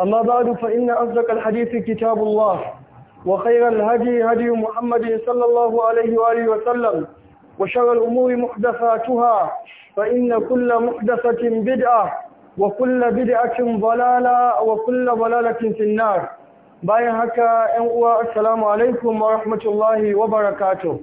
أما بعد فإن أصدق الحديث كتاب الله وخير الهدي هدي محمد صلى الله عليه وآله وسلم وشر الأمور محدثاتها فإن كل محدثة بدعة وكل بدعة ضلالة وكل ضلالة في النار bayan haka ‘yan uwa assalamu alaikum wa rahmatullahi wa barakato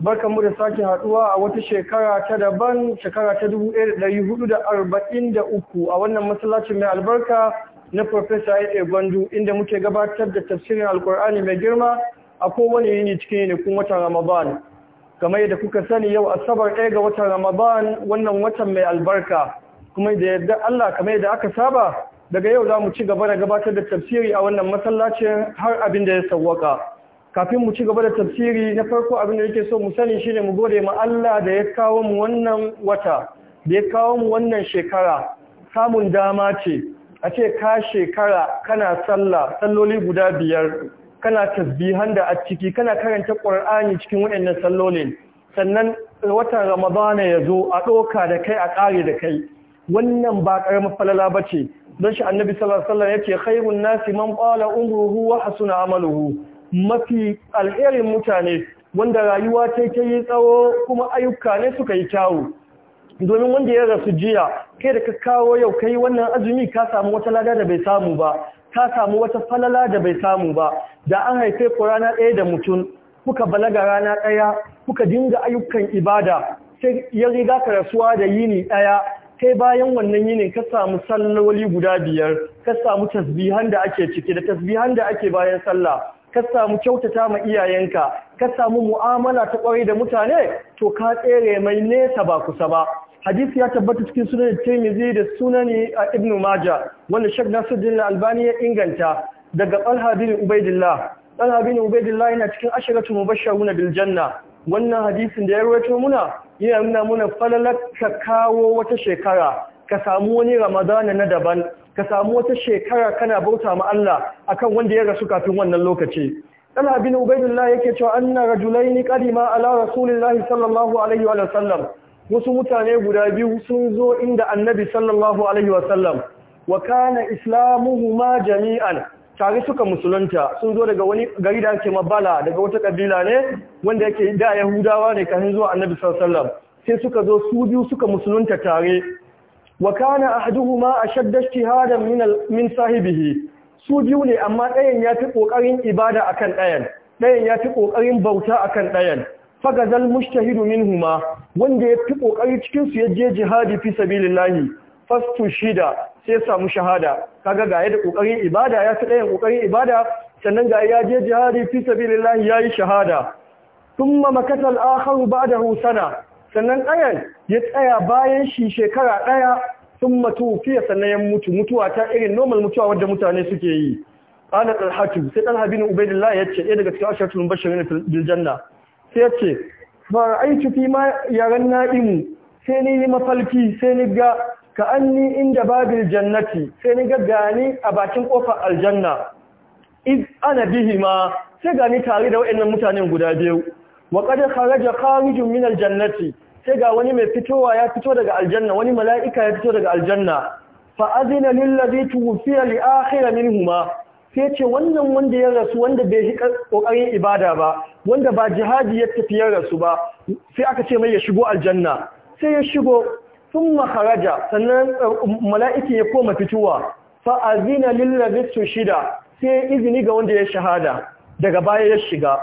da sake haduwa a wata shekara ta daban shekara ta 1443 a wannan masallacin mai albarka na Profesa A.A. Gwandu inda muke gabatar da tafsirin Alkur'ani mai girma a kowane yini cikin kun watan Ramadan. Kamar yadda kuka sani yau Asabar ɗaya ga watan Ramadan wannan watan mai albarka kuma da yadda Allah kamar yadda aka saba daga yau za mu ci gaba da gabatar da tafsiri a wannan masallacin har abin da ya sawwaka. Kafin mu ci gaba da tafsiri na farko abin da yake so mu sani shine mu gode ma Allah da ya kawo mu wannan wata da ya kawo mu wannan shekara samun dama ce a ce ka shekara kana sallah salloli guda biyar kana tasbihan da a ciki kana karanta ƙur'ani cikin waɗannan sallolin sannan watan ramadana ya zo a ɗoka da kai a ƙare da kai wannan ba ƙaramin falala ba ce don shi annabi sallallahu alaihi wasallam khairun nasi man qala umruhu wa hasuna amaluhu mafi alherin mutane wanda rayuwa ta yi tsawo kuma ayyuka ne suka yi kyawu domin wanda ya rasu jiya kai da ka kawo yau kai wannan azumi ka samu wata lada da bai samu ba ka samu wata falala da bai samu ba da an haife ku rana ɗaya da mutum kuka balaga rana ɗaya kuka dinga ayyukan ibada sai ya riga ka rasuwa da yini ɗaya kai bayan wannan yinin ka samu salloli guda biyar ka samu tasbihan da ake ciki da tasbihan da ake bayan sallah ka samu kyautata ma iyayenka ka samu mu'amala ta kwarai da mutane to ka tsere mai nesa ba kusa ba hadisi ya tabbata cikin sunan Tirmidhi da sunani a Ibn Majah wanda Sheikh Nasruddin Albani ya inganta daga Talha bin Ubaidillah Talha bin Ubaidillah yana cikin asharatu mubashshiruna bil janna wannan hadisin da ya rawaito muna yana nuna muna falalak ka kawo wata shekara ka samu wani Ramadana na daban ka samu wata shekara kana bauta ma Allah akan wanda ya rasu kafin wannan lokaci Talha bin Ubaidillah yake cewa anna rajulaini qadima ala rasulillahi sallallahu alaihi wa sallam wasu mutane guda biyu sun zo inda annabi sallallahu alaihi wasallam wa kana islamuhuma jami'an tare suka musulunta sun zo daga wani gari da ake mabala daga wata kabila ne wanda yake da yahudawa ne kafin zuwa annabi sallallahu alaihi wasallam sai suka zo su biyu suka musulunta tare wa kana ahaduhuma ashadda ijtihadan min min sahibihi su biyu ne amma ɗayan ya fi ƙoƙarin ibada akan ɗayan ɗayan ya fi ƙoƙarin bauta akan ɗayan fagazal mushtahidu minhuma wanda ya fi kokari cikin su je jihadi fi sabilillahi fastu shida sai ya samu shahada kaga ga da kokarin ibada ya fi dayan kokarin ibada sannan ga ya je jihadi fi sabilillahi yayi shahada thumma makata al-akhar ba'dahu sana sannan ɗayan ya tsaya bayan shi shekara ɗaya sun matu fiye sannan ya mutu mutuwa ta irin normal mutuwa wadda mutane suke yi ana ɗalhatu sai Dan bin ubaidullahi ya ce ɗaya daga cikin ashirin bashirin biljanna sai ce ba ra'aitu fi ma yaren na'imu sai ni yi mafalki sai ni ga ka anni inda babil jannati sai ni ga gani a bakin kofar aljanna iz ana bihi ma, sai gani tare da waɗannan mutanen guda biyu wa qad kharaja kharijun min aljannati sai ga wani mai fitowa ya fito daga aljanna wani mala'ika ya fito daga aljanna fa azina lil ladhi tuwfiya li akhir minhuma sai ce wannan wanda ya rasu wanda bai shi kokarin ibada ba wanda ba jihadi ya tafi ya rasu ba sai aka ce mai ya shigo aljanna sai ya shigo sun maharaja sannan uh, mala'ikin ya koma fituwa lilla lillabistu shida sai izini ga wanda ya shahada daga baya ya shiga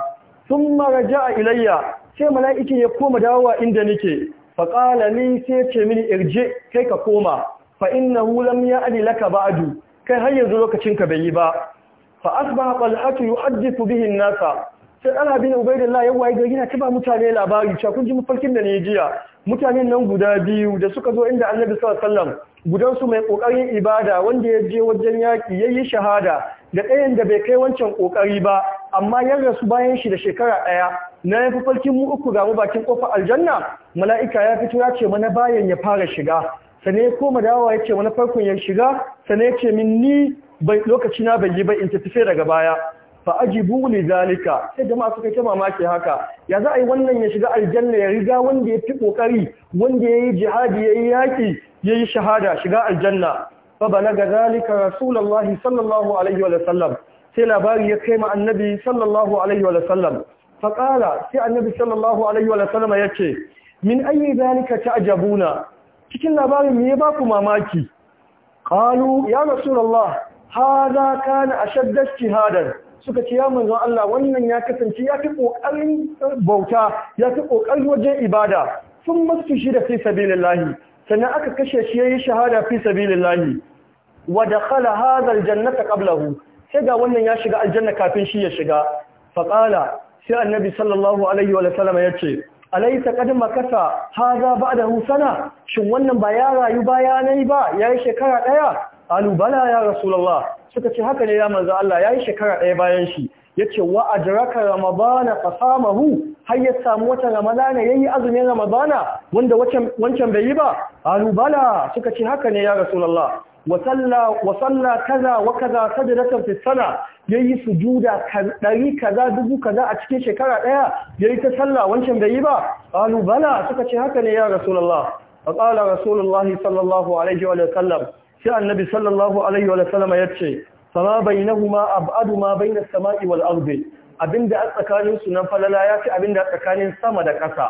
sun maraja a ilayya sai mala'ikin ya koma dawowa inda nike ni sai ce mini irje kai ka koma Fa na hulam ya adilaka badu kai har yanzu lokacinka bai yi ba fa asbaha talhatu yuhaddithu bihi an-nasa sai ana bin ubaidillah ya waye gari na taba mutane labari cewa kun ji mafarkin da ne jiya mutanen nan guda biyu da suka zo inda annabi sallallahu alaihi wasallam gudansu mai kokarin ibada wanda ya je wajen yaki yayi shahada da ɗayan da bai kai wancan kokari ba amma ya rasu bayan shi da shekara ɗaya na yafi farkin mu uku ga mu bakin kofar aljanna mala'ika ya fito ya ce mana bayan ya fara shiga sane ya koma dawowa ya ce mana farkon ya shiga sane ya ce min ni bai lokaci na bai yi ba in tafi daga baya fa ajibu li zalika sai jama'a suka ta mamaki haka ya za a yi wannan ya shiga aljanna ya riga wanda ya fi kokari wanda yayi jihadi yayi ya yayi shahada shiga aljanna fa balaga zalika rasulullahi sallallahu alaihi wa sallam sai labari ya kai ma annabi sallallahu alaihi wa sallam fa qala sai annabi sallallahu alaihi wa sallam yace min ayyi zalika ta'jabuna cikin labarin me ya ba ku mamaki qalu ya rasulullah haza kana ashadda ijtihadan suka ce ya manzon Allah wannan ya kasance ya fi kokarin bauta ya fi kokarin wajen ibada sun masu shi da fi sabilillahi sannan aka kashe shi yayi shahada fi sabilillahi wa dakhala hadha aljannata qablahu sai ga wannan ya shiga aljanna kafin shi ya shiga faqala sai annabi sallallahu alaihi wa sallam yace alaysa qad makasa hadha da husana shin wannan ba ya rayu nai ba yayi shekara daya qalu bala ya rasulallah suka ce haka ne ya manzo Allah yayi shekara ɗaya bayan shi yace wa ajraka ramadana fasamahu har ya samu wata ramadana yayi azumin ramadana wanda wancan bai yi ba qalu bala suka ce haka ne ya rasulallah wa salla wa salla kaza wa kaza sajdatan fi sana yayi sujuda dari kaza dubu kaza a cikin shekara daya yayi ta salla wancan bai yi ba qalu bala suka ce haka ne ya rasulullah qala rasulullahi sallallahu alaihi wa sallam sai annabi sallallahu alaihi wa sallama ya ce fama bainahuma abadu ma bainas sama'i wal ardi abinda a tsakanin su na falala ya fi abinda a tsakanin sama da ƙasa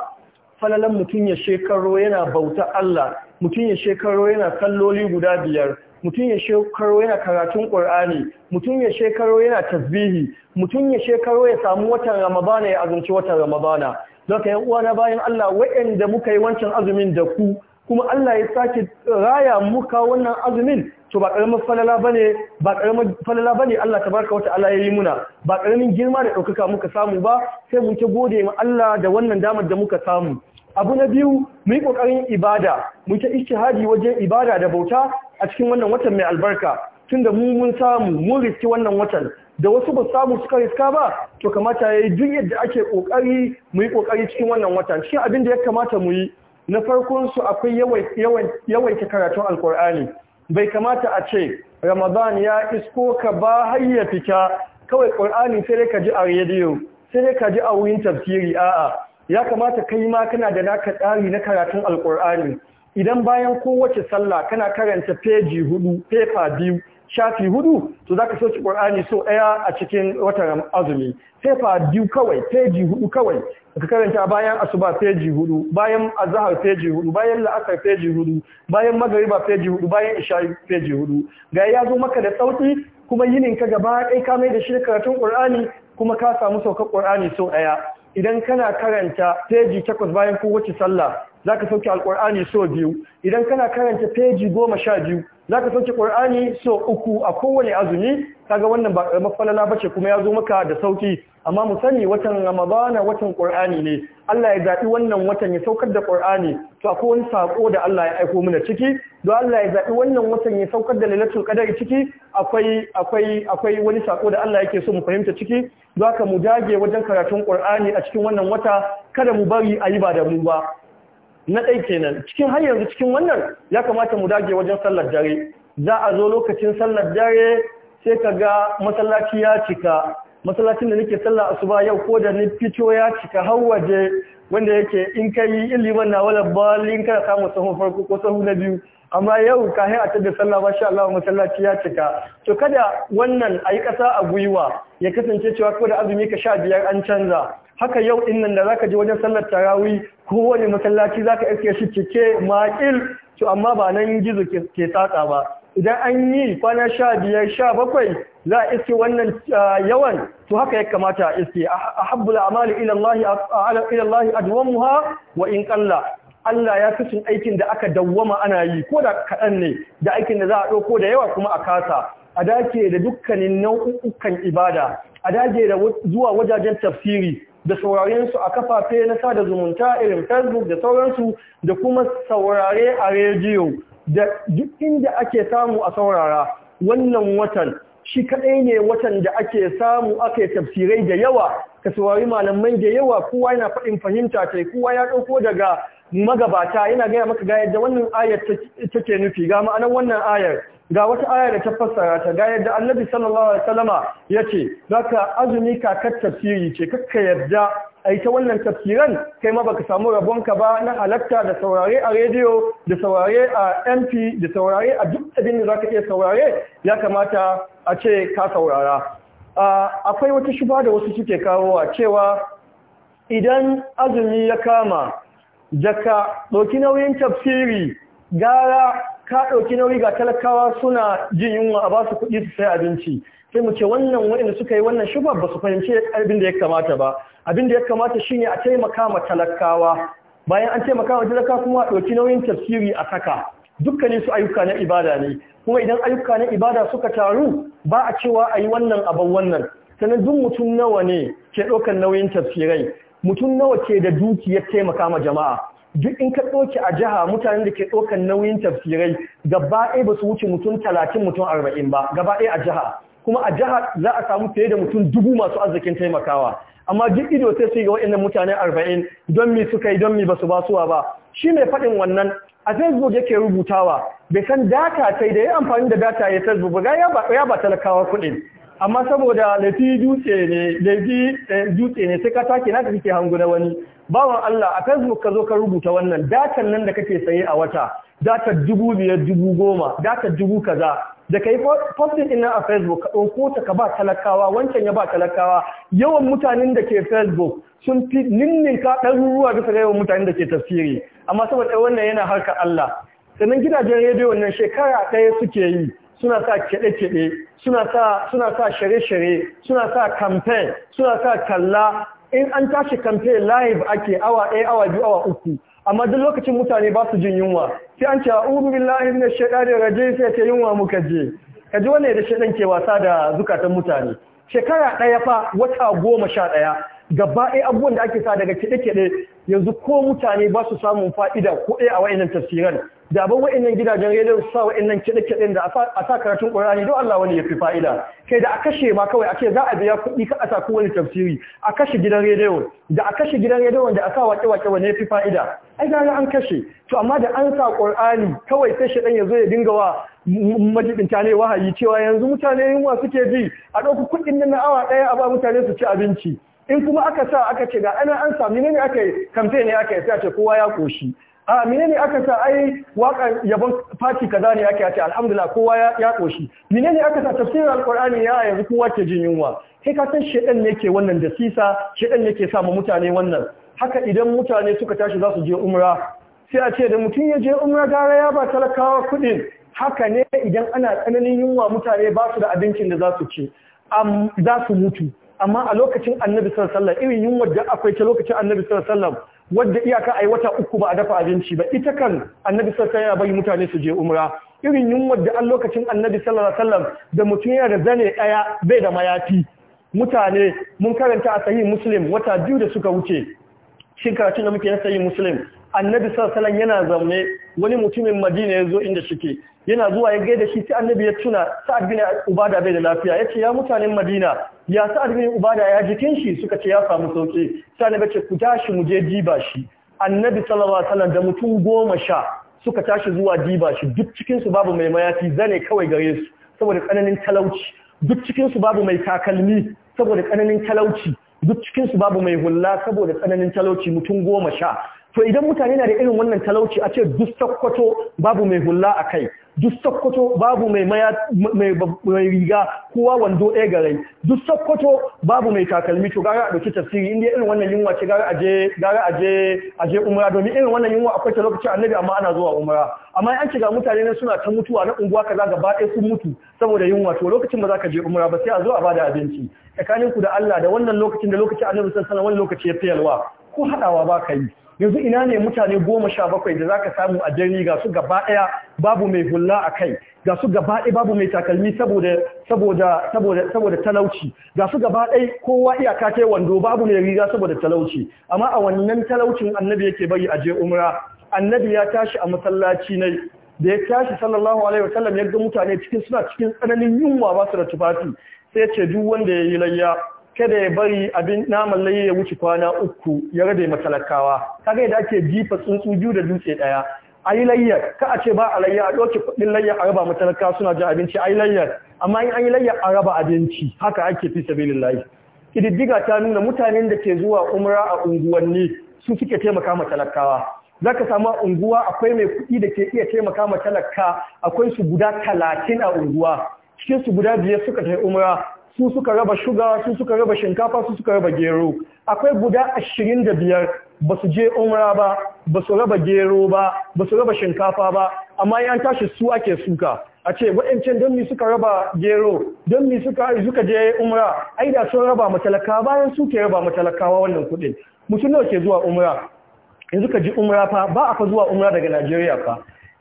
falalan mutum ya shekaro yana bauta Allah mutum ya shekaro yana salloli guda biyar mutum ya shekaro yana karatun Qur'ani mutum ya shekaro yana tasbihi mutum ya shekaro ya samu watan Ramadana ya azumci watan Ramadana don ka yan uwa na bayan Allah waɗanda muka yi wancan azumin da ku kuma Allah ya sake raya muka wannan azumin to ba karamin falala bane ba karamin falala bane Allah tabaraka wa ta'ala yi muna ba karamin girma da daukaka muka samu ba sai mun ta gode ma Allah da wannan damar da muka samu abu na biyu mu yi kokarin ibada mu ta ijtihadi wajen ibada da bauta a cikin wannan watan mai albarka tunda mu mun samu mun riski wannan watan da wasu ba samu suka riska ba to kamata yayi duk yadda ake kokari mu yi kokari cikin wannan watan cikin abin da ya kamata mu yi na farkon su akwai yawaita karatun alkur'ani bai kamata a ce ramadan ya isko ka ba hayya fita kawai ƙur'ani sai dai ka ji a rediyo sai dai ka ji a wurin tafsiri a'a ya kamata kai ma kana da naka tsari na karatun alkur'ani idan bayan kowace sallah kana karanta feji hudu fefa biyu shafi hudu to za zaka soci ƙwar'ani so ɗaya a cikin watan azumi Fefa biyu kawai feji hudu kawai ka karanta bayan asuba feji hudu bayan azahar feji hudu bayan la'asar feji hudu bayan magariba feji hudu bayan isha feji hudu ga ya zo maka da sauki kuma yinin ka gaba ɗaya ka mai da shi karatun ƙwar'ani kuma ka samu saukar ƙwar'ani so ɗaya. idan kana karanta feji takwas bayan kowace sallah za ka sauke alkur'ani so biyu idan kana karanta peji goma sha biyu za ka sauke ƙur'ani so uku a kowane azumi kaga wannan ba ƙaramar falala ba ce kuma ya zo maka da sauki amma mu sani watan ramadana watan ƙur'ani ne Allah ya zaɓi wannan watan ya saukar da ƙur'ani to akwai wani saƙo da Allah ya aiko mana ciki don Allah ya zaɓi wannan watan ya saukar da lailatul qadar ciki akwai wani saƙo da Allah yake so mu fahimta ciki don haka mu dage wajen karatun ƙur'ani a cikin wannan wata kada mu bari a yi ba da mu ba na ɗai kenan cikin har yanzu cikin wannan ya kamata mu dage wajen sallar dare za a zo lokacin sallar dare sai ka ga masallaci ya cika masallacin da nake sallar asuba yau ko da ni fito ya cika har waje wanda yake in ka yi iliman na wala balin kana samu sahun farko ko sahun na biyu amma yau ka a tada sallah ba sha Allah masallaci ya cika to kada wannan ayi kasa a gwiwa ya kasance cewa ko da azumi ka sha biyar an canza haka yau innan da zaka je wajen sallar tarawih kowane masallaci zaka iske shi cike maƙil to amma ba nan gizo ke tsatsa ba idan an yi kwana sha biyar sha bakwai za a iske wannan yawan to haka ya kamata a iske ah, a habbula amali ilallahi adwamuha wa in kalla Allah ya fi aikin da aka dawwama ana yi ko da kaɗan ne da aikin da za a ɗauko da yawa kuma a kasa a dace da dukkanin nau'ukan ibada a dace da zuwa wajajen tafsiri da saurarensu su a kafafe na sada zumunta irin facebook da sauransu da kuma saurare a rediyo da duk inda ake samu a saurara wannan watan shi kaɗai ne watan da ake samu ake tafsirai da yawa ka saurari malamai da yawa kowa yana faɗin fahimta ta kowa ya ɗauko daga magabata yana gaya maka ga yadda wannan ayar take nufi ga ma'anar wannan ayar ga wata aya da ta fassara ta ga yadda annabi sallallahu alaihi wasallama yace zaka azumi kakar tafsiri ce kakka yadda ai ta wannan tafsiran kai ma baka samu rabon ka ba na halatta da saurare a rediyo da saurare a MP da saurare a duk abin da zaka iya saurare ya kamata a ce ka saurara akwai wata shuba da wasu suke kawowa cewa idan azumi ya kama jaka ɗauki nauyin tafsiri gara ka ɗauki nauyi ga talakawa suna jin yunwa a basu kuɗi su sai abinci sai mu ce wannan waɗanda suka yi wannan shuba ba su fahimci abin da ya kamata ba abin da ya kamata shine a taimaka ma talakawa bayan an taimaka ma talakawa kuma a ɗauki nauyin tafsiri a saka dukkanin su ayyuka na ibada ne kuma idan ayyuka na ibada suka taru ba a cewa a yi wannan abin wannan sannan duk mutum nawa ne ke ɗaukar nauyin tafsirai mutum nawa ke da dukiyar taimaka ma jama'a duk in ka ɗoki a jiha mutanen da ke ɗokan nauyin tafsirai gaba ɗaya ba su wuce mutum talatin mutum arba'in ba gaba ɗaya a jiha kuma a jiha za a samu fiye da mutum dubu masu arzikin taimakawa amma duk ido sai su yi ga waɗannan mutane arba'in don mi suka yi don mi ba su basuwa ba shi mai faɗin wannan a facebook yake rubutawa bai san data sai da ya amfani da data ya facebook ba ya ba talakawa kuɗin amma saboda laifi dutse ne laifi eh, dutse ne sai ka take na kike hangu na wani bawan Allah a kan ka zo ka rubuta wannan datan nan da kake saye a wata data dubu biyar dubu goma data dubu kaza da kai yi posting ɗin a facebook ka ɗauko ta ka ba talakawa wancan ya ba talakawa yawan mutanen da ke facebook sun fi ninninka ɗaruruwa bisa ga yawan mutanen da ke tafsiri amma saboda wannan yana harkar Allah sannan gidajen rediyo nan shekara ɗaya suke yi suna sa kiɗe-kiɗe suna sa shere shere shirye-shirye suna sa campaign suna sa kalla in an tashi kamfen live ake awa ɗaya awa biyu awa uku amma duk lokacin mutane ba su jin yunwa sai an ce a'udhu billahi minash shaitani raje sai ce yunwa muka je kaji wannan da shaitan ke wasa da zukatan mutane shekara ɗaya fa wata goma sha ɗaya gaba ɗaya abubuwan da ake sa daga kiɗe-kiɗe yanzu ko mutane ba su samun fa'ida ko ɗaya a wa'inan tafsiran da ban wa'inan gidajen rediyo su sa wa'inan kiɗe-kiɗen da a sa karatun ƙorani don Allah wani ya fi fa'ida kai da a kashe ma kawai ake za a biya kuɗi ka a sa kowane tafsiri a kashe gidan rediyo da a kashe gidan rediyon da a sa waƙe-waƙe wani ya fi fa'ida ai gara an kashe to amma da an sa ƙorani kawai sai shi ɗan ya zo ya dinga wa majibinta ne wahayi cewa yanzu mutane yunwa suke bi a ɗauki kuɗin nan na awa ɗaya a ba mutane su ci abinci in kuma aka sa aka ce ga ana an sami ne aka yi kamfe ne aka yi sai ce kowa ya koshi a menene aka sa ai waka yabon fati kaza ne ake ce alhamdulillah kowa ya koshi menene aka sa tafsirin alqur'ani ya yanzu kowa ke jin yunwa kai ka san shedan ne ke wannan da sisa shedan ne ke sa mu mutane wannan haka idan mutane suka tashi za su je umra sai a ce da mutum ya je umra gara ya ba talakawa kuɗin haka ne idan ana tsananin yunwa mutane ba su da abincin da za su ci za su mutu amma a lokacin annabi sallallahu irin yunwar da akwai ta lokacin annabi sallallahu wadda iyaka ai wata uku ba a dafa abinci ba ita kan annabi sallallahu ya bari mutane su je umra irin yunwar da a lokacin annabi sallallahu alaihi da mutum yana da zane daya bai da mayafi mutane mun karanta a sahih muslim wata biyu da suka wuce shin karatun da muke na sahih muslim annabi sallallahu yana zaune wani mutumin madina ya zo inda shike yana zuwa ya gaida shi ta annabi ya tuna sa'ad bin ubada bai da lafiya Ya ce ya mutanen madina ya sa'ad bin ubada ya jikin shi suka ce ya samu sauki sai annabi ce ku tashi mu je diba shi annabi sallallahu alaihi wasallam da mutum goma sha suka tashi zuwa diba shi duk cikin su babu mai mayafi zane kawai gare su saboda kananin talauci duk cikin su babu mai takalmi saboda kananin talauci duk cikin su babu mai hulla saboda tsananin talauci mutum goma sha to idan mutane na da irin wannan talauci a ce duk babu mai hula a kai duk babu mai riga kowa wando ɗaya garai duk babu mai takalmi to gara a ɗauki tafsiri inda irin wannan yunwa ce gara a je umra domin irin wannan yunwa akwai ta lokacin annabi amma ana zuwa umra amma an shiga ga mutane ne suna ta mutuwa na unguwa kaza gaba ɗaya sun mutu saboda yunwa to lokacin ba za ka je umra ba sai a zo a bada abinci tsakaninku da Allah da wannan lokacin da lokacin annabi sallallahu alaihi wasallam wani lokaci ya fi ko hadawa ba ka yi yanzu ina ne mutane goma sha bakwai da za ka samu a jari ga su gaba ɗaya babu mai hulla a kai ga su gaba ɗaya babu mai takalmi saboda talauci ga su gaba ɗaya kowa iyaka ta wando babu mai riga saboda talauci amma a wannan talaucin annabi yake bari a je umra annabi ya tashi a masallaci na. da ya tashi sallallahu alaihi wasallam ya ga mutane cikin suna cikin tsananin yunwa ba su da tufafi sai ya ce duk wanda ya yi layya kada ya bari abin naman laye ya wuce kwana uku ya rade matalakawa kaga da ake jifa tsuntsu biyu da dutse daya yi layyar ka a ce ba a layya, a ɗauke kuɗin layyar a raba matalakawa suna jin abinci yi layyar amma in an yi layyar a raba abinci haka ake fi sabilillahi kididdiga ta nuna mutanen da ke zuwa umra a unguwanni su suke taimaka matalakawa za ka samu unguwa akwai mai kuɗi da ke iya taimaka matalaka akwai su guda talatin a unguwa cikin su guda biyar suka tafi umra su suka raba shuga su suka raba shinkafa su suka raba gero akwai guda ashirin da biyar ba su je umra ba ba su raba gero ba ba su raba shinkafa ba amma yan tashi su ake suka a ce waɗancan don mi suka raba gero don mi suka suka je umra ai da sun raba matalaka bayan su ke raba matalakawa wannan kuɗi mutum nawa ke zuwa umra yanzu ka ji umra fa ba a fa zuwa umra daga Najeriya fa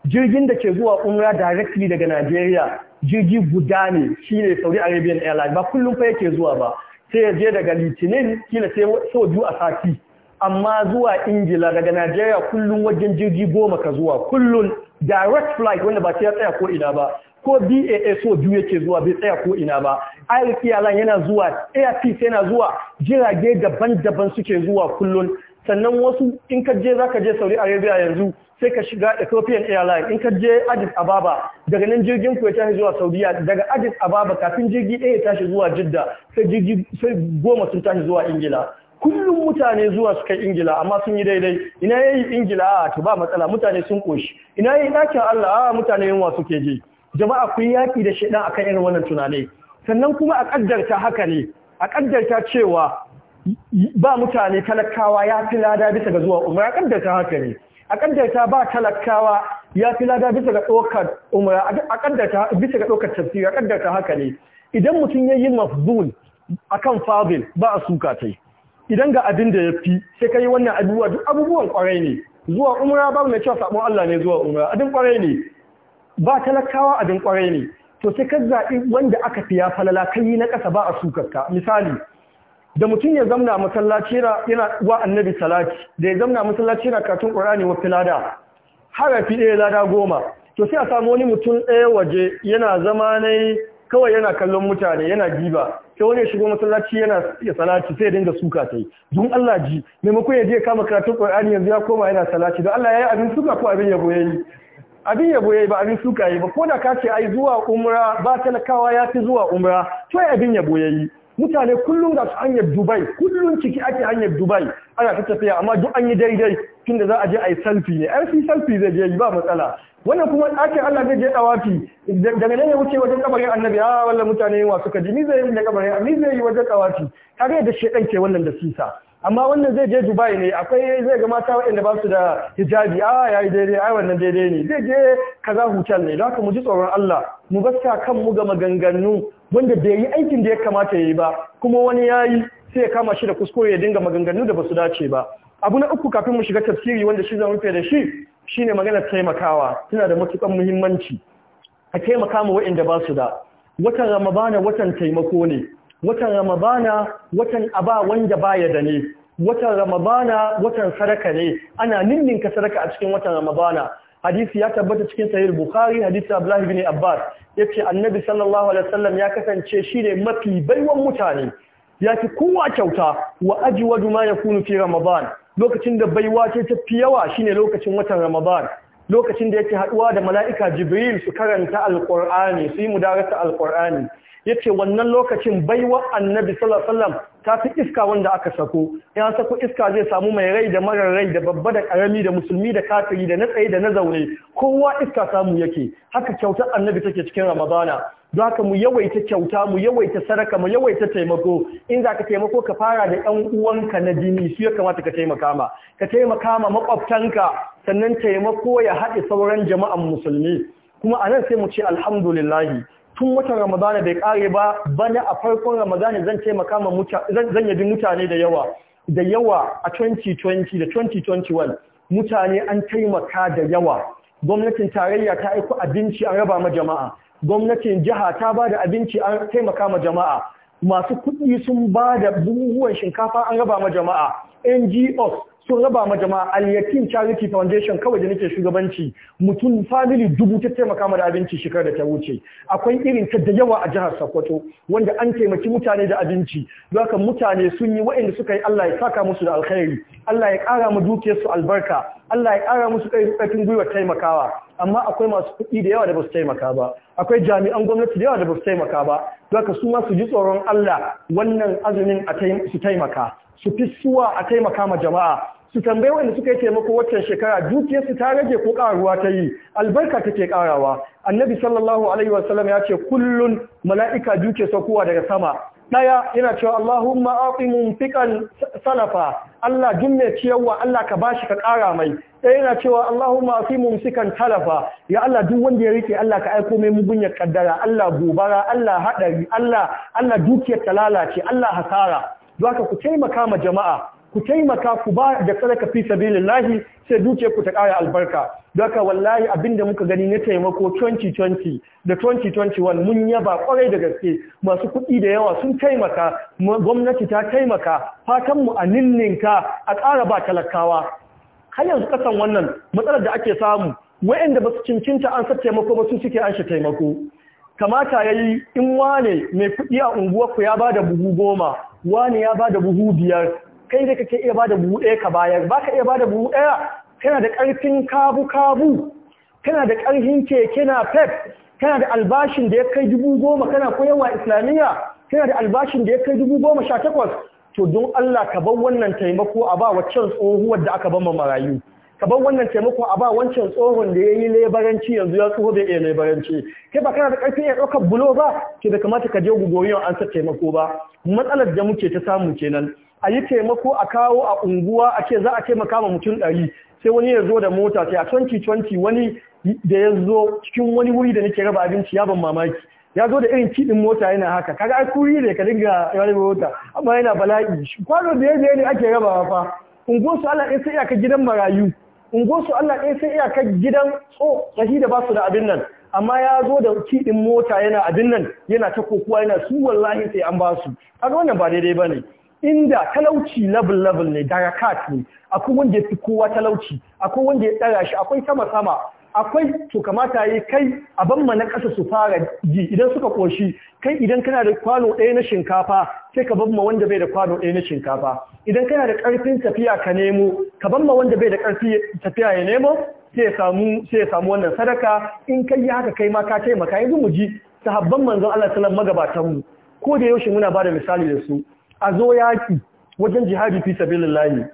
jirgin da ke zuwa umra directly daga Najeriya jirgi guda ne shi ne saudi arabian airlines ba kullum fa yake zuwa ba sai ya je daga litinin kila sai so biyu a sati amma zuwa ingila daga nigeria kullum wajen jirgi goma ka zuwa kullum direct flight wanda ba ta ya tsaya ko ina ba ko BAA so biyu yake zuwa bai tsaya ko ina ba Air Alan yana zuwa AirPeace yana zuwa jirage daban-daban suke zuwa kullum. sannan wasu in ka je zaka je Saudi Arabia yanzu sai ka shiga Ethiopian Airlines in ka je Addis Ababa daga nan jirgin ku ya tashi zuwa Saudiya daga Addis Ababa kafin jirgi ɗaya ya tashi zuwa Jidda sai goma sun tashi zuwa Ingila kullum mutane zuwa suka Ingila amma sun yi daidai ina yayi Ingila a ah, to ba matsala mutane sun koshi ina yayi dakin Allah a ah, mutane yunwa suke ji jama'a ku yaki da shedan akan irin wannan tunane sannan kuma a kaddarta haka ne a kaddarta cewa ba mutane talakawa ya fi lada bisa ga zuwa umra a ta haka ne a ta ba talakawa ya fi lada bisa ga ɗaukar umra a ta bisa ga ɗaukar tafsir a ta haka ne idan mutum ya yi mafzul akan fadil ba a suka tai idan ga abin da ya fi sai ka yi wannan abubuwa duk abubuwan kwarai ne zuwa umra ba mai cewa sabon Allah ne zuwa umra abin kwarai ne ba talakawa abin kwarai ne to sai ka zaɓi wanda aka fi ya falala kai na ƙasa ba a sukarka misali da mutum ya zamna masallaci yana wa annabi salati da ya zamna masallaci yana karatun qur'ani wa filada harafi ɗaya lada goma to sai a samu wani mutum ɗaya waje yana zama ne kawai yana kallon mutane yana jiba sai wani ya shigo masallaci yana ya salati sai ya dinga suka yi. don Allah ji maimakon ya je kama karatun qur'ani yanzu ya koma yana salati don Allah ya yi abin suka ko abin yabo yayi abin yabo yayi ba abin suka yayi ba ko da ka ce ai zuwa umra ba talakawa ya fi zuwa umra to abin yabo yayi mutane kullum ga su hanyar dubai kullum ciki ake hanyar dubai ana ta tafiya amma duk an yi daidai tunda za a je a yi salfi ne an fi salfi zai je ba matsala wannan kuma ake allah zai je ɗawafi daga nan wuce wajen kabarin annabi a ah, wallan mutane yawa suka ji ni zai yi da kabarin ni zai yi wajen da ke wannan da amma wannan zai je Dubai ne akwai zai ga mata waɗanda ba su da hijabi ah, a yi daidai ai wannan daidai ne zai je kaza hotel ne don haka mu ji tsoron Allah mu gaska kan mu ga maganganu wanda bai yi aikin da ya kamata ya yi ba kuma wani ya yi sai ya kama shi da kuskure ya dinga maganganu da basu dace ba abu na uku kafin mu shiga tafsiri wanda shi zan rufe da shi shine maganar taimakawa tana da matukan muhimmanci a taimaka mu waɗanda ba su da watan Ramabana watan taimako ne watan Ramabana watan aba wanda baya da ne watan Ramabana watan sadaka ne ana ninninka sadaka a cikin watan Ramabana. hadisi ya tabbata cikin sahih bukhari hadisi abdullah ibn abbas yace annabi sallallahu alaihi wasallam ya kasance shine mafi baiwan mutane ya fi kowa kyauta wa ajwadu ma yakunu fi ramadan lokacin da baiwa ce ta fi yawa shine lokacin watan ramadan lokacin da yake haduwa da mala'ika jibril su karanta alqur'ani su yi mudarasa alqur'ani Ya ce, wannan lokacin baiwa annabi salasalam ta fi iska wanda aka sako ya sako iska zai samu mai rai da marar rai da babba da karami da musulmi da kafiri da na tsaye da na zaune kowa iska samu yake haka kyautar annabi take cikin ramadana za haka mu yawaita kyauta mu yawaita sadaka mu yawaita taimako in za ka taimako ka fara da ɗan uwanka na jini su ya kamata ka taimaka ma ka taimaka ma makwabtanka sannan taimako ya haɗe sauran jama'an musulmi kuma a nan sai mu ce alhamdulillahi tun watan ramadana bai kare ba bana a farkon ramadana zan taimaka ma zan yabi mutane da yawa da yawa a 2020 da 2021 mutane an taimaka da yawa gwamnatin tarayya ta aiko abinci an raba ma jama'a gwamnatin jiha ta ba da abinci an taimaka ma jama'a masu kuɗi sun ba da buhuwan shinkafa an raba ma jama'a NGOs sun raba ma jama'a al-Yatim Charity Foundation kawai da nake shugabanci mutum family dubu ta taimaka ma da abinci shekar da ta wuce akwai irin ta da yawa a jihar Sokoto wanda an taimaki mutane da abinci haka mutane sun yi waɗanda suka yi Allah ya saka musu da alkhairi Allah ya ƙara mu su albarka Allah ya ƙara musu ƙarfin gwiwa taimakawa amma akwai masu kuɗi da yawa da ba su taimaka ba akwai jami'an gwamnati da yawa da ba su taimaka ba haka su ma su ji tsoron Allah wannan azumin a su taimaka su fi suwa a taimaka ma jama'a su tambayi wanda suka yi taimako waccan shekara dukiyarsu ta rage ko karuwa ta yi albarka take karawa annabi sallallahu alaihi wasallam ya ce kullun mala'ika duke saukowa daga sama daya yana cewa Allahumma aqi munfiqan salafa Allah jumme ciyarwa Allah ka bashi ka kara mai daya yana cewa Allahumma fi mumsikan talafa ya Allah duk wanda ya rike Allah ka aiko mai mugun mugunyar kaddara Allah gobara Allah haɗari, Allah Allah dukiyar ta lalace Allah hasara zaka ku taimaka ma jama'a ku taimaka ku ba da sadaka fi sabilillahi sai duke ku ta ƙara albarka Daka wallahi abin da muka gani na taimako 2020 da 2021 mun yaba kwarai da gaske masu kuɗi da yawa sun taimaka gwamnati ta taimaka fatan mu a ninninka a ƙara ba talakawa har yanzu kasan wannan matsalar da ake samu wa'anda ba su cincinta an sa taimako ba su suke an shi taimako kamata ya yi in wane mai kuɗi a unguwarku ya ba da buhu goma wane ya ba da buhu biyar kai da kake iya ba da buhu ɗaya ka bayar ba ka iya ba da buhu ɗaya kana da ƙarfin kabu-kabu kana da ƙarfin keke na pep kana da albashin da ya kai dubu goma kana koyarwa islamiyya kana da albashin da ya kai dubu goma sha takwas to don allah ka bar wannan taimako a ba wa can tsohuwar da aka ban marayu ka ban wannan taimako a ba wancan tsohon da ya yi lebaranci yanzu ya tsoho bai iya lebaranci kai ba kana da ƙarfin ya ɗaukar bulo ba ke da kamata ka je gugoriyon an sa taimako ba matsalar da muke ta samu kenan a yi taimako a kawo a unguwa a ce za a taimaka ma mutum ɗari sai wani ya zo da mota sai a 2020 wani da ya zo cikin wani wuri da nake raba abinci ya ban mamaki ya zo da irin kiɗin mota yana haka kaga ai kuri ne ka dinga raba mota amma yana bala'i kwano da ya ne ake rabawa fa unguwar su Allah ɗaya sai ka gidan marayu unguwarsu Allah ɗaya sai iyakar gidan tso tsahi da ba su da abin nan amma ya zo da kiɗin mota yana abin nan yana ta kokowa yana su wallahi sai an ba su kaga wannan ba daidai ba ne. inda talauci level level ne darakat ne akwai wanda ya fi kowa talauci akwai wanda ya ɗaga shi akwai sama sama akwai to kamata yi kai a mana na ƙasa su fara ji idan suka ƙoshi kai idan kana da kwano ɗaya na shinkafa sai ka ban wanda bai da kwano ɗaya na shinkafa idan kana da ƙarfin tafiya ka nemo ka ban wanda bai da ƙarfin tafiya ya nemo sai ya samu wannan sadaka in kai yi haka kai ma ka taimaka yanzu mu ji sahabban manzon Allah sallallahu magabatan mu ko da yaushe muna bada misali da su a zo yaki wajen jihadi fi sabilillahi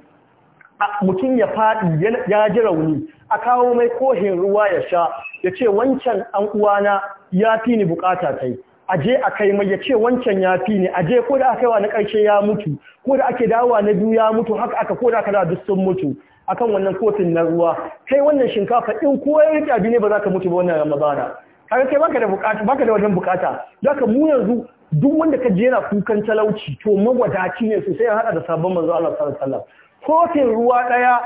mutum ya faɗi ya ji rauni a kawo mai kohin ruwa ya sha ya ce wancan an uwana ya fi ni bukata ta yi aje a kai mai ya ce wancan ya fi ni aje ko da aka yi wa na ƙarshe ya mutu ko da ake dawa na biyu ya mutu haka aka ko da aka da duk sun mutu akan wannan kofin na ruwa kai wannan shinkafa in ko ya rike ne ba za ka mutu ba wannan ramadana kaga kai baka bukata baka da wajen bukata zaka mu yanzu duk wanda ka je yana kukan talauci to mawadaci ne sosai ya hada da sabon manzo Allah sallallahu alaihi wasallam kofin ruwa ɗaya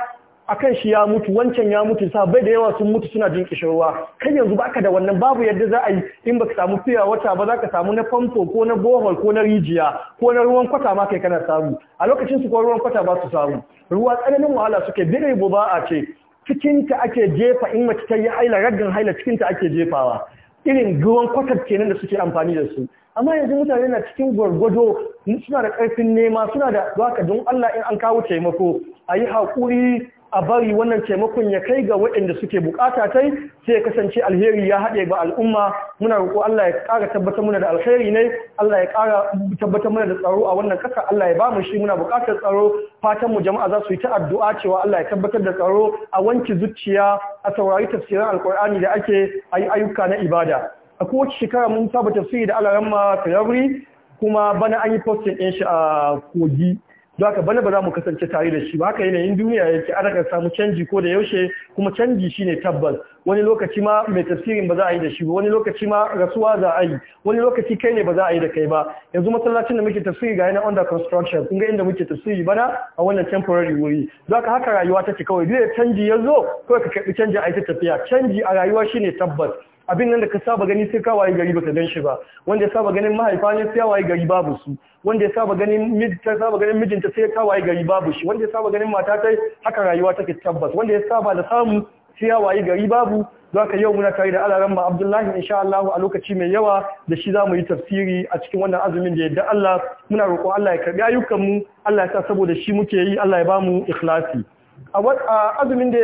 akan shi ya mutu wancan ya mutu sabai da yawa sun mutu suna jin kishin ruwa kan yanzu aka da wannan babu yadda za a yi in baka samu fiya wata ba za ka samu na famfo ko na bohol ko na rijiya ko na ruwan kwata ma kai kana samu a lokacin su ko ruwan kwata ba su samu ruwa tsananin wahala suke bire ba a ce cikinta ake jefa in mace ta yi haila raggan haila cikinta ake jefawa irin ruwan kwatar kenan da suke amfani da su amma yanzu mutane na cikin gwargwado suna da ƙarfin nema suna da zaka don Allah in an kawo taimako a yi haƙuri a bari wannan taimakon ya kai ga waɗanda suke bukata tai sai ya kasance alheri ya haɗe ga al'umma muna roƙo Allah ya ƙara tabbatar muna da alheri ne Allah ya ƙara tabbatar muna da tsaro a wannan ƙasa Allah ya ba mu shi muna buƙatar tsaro fatan mu jama'a za su yi ta addu'a cewa Allah ya tabbatar da tsaro a wanki zuciya a saurari tafsirin alƙur'ani da ake ayi ayyuka na ibada a kowace shekara mun saba tafsiri da alaramma tayabri kuma bana an yi posting ɗin shi a kogi don haka bana ba za mu kasance tare da shi ba haka yanayin duniya yake ana kan samu canji ko da yaushe kuma canji shi ne tabbas wani lokaci ma mai tafsirin ba za a yi da shi ba wani lokaci ma rasuwa za a yi wani lokaci kai ne ba za a yi da kai ba yanzu masallacin da muke tafsiri ga yana under construction kun ga inda muke tafsiri bana a wannan temporary wuri don haka haka rayuwa take kawai duk canji ya zo kawai ka karbi canji a ita tafiya canji a rayuwa shi ne tabbas abin nan da ka saba gani sai ka waye gari baka gan shi ba wanda ya saba ganin mahaifa ne sai ya waye gari babu su wanda ya saba ganin mijinta saba ganin mijinta sai gari babu shi wanda ya saba ganin mata tai haka rayuwa take tabbas wanda ya saba da samu sai ya waye gari babu za ka yau muna tare da alaran ma Abdullahi insha Allah a lokaci mai yawa da shi zamu yi tafsiri a cikin wannan azumin da yadda Allah muna roƙon Allah ya karbi ayyukan mu Allah ya sa saboda shi muke yi Allah ya bamu ikhlasi a azumin da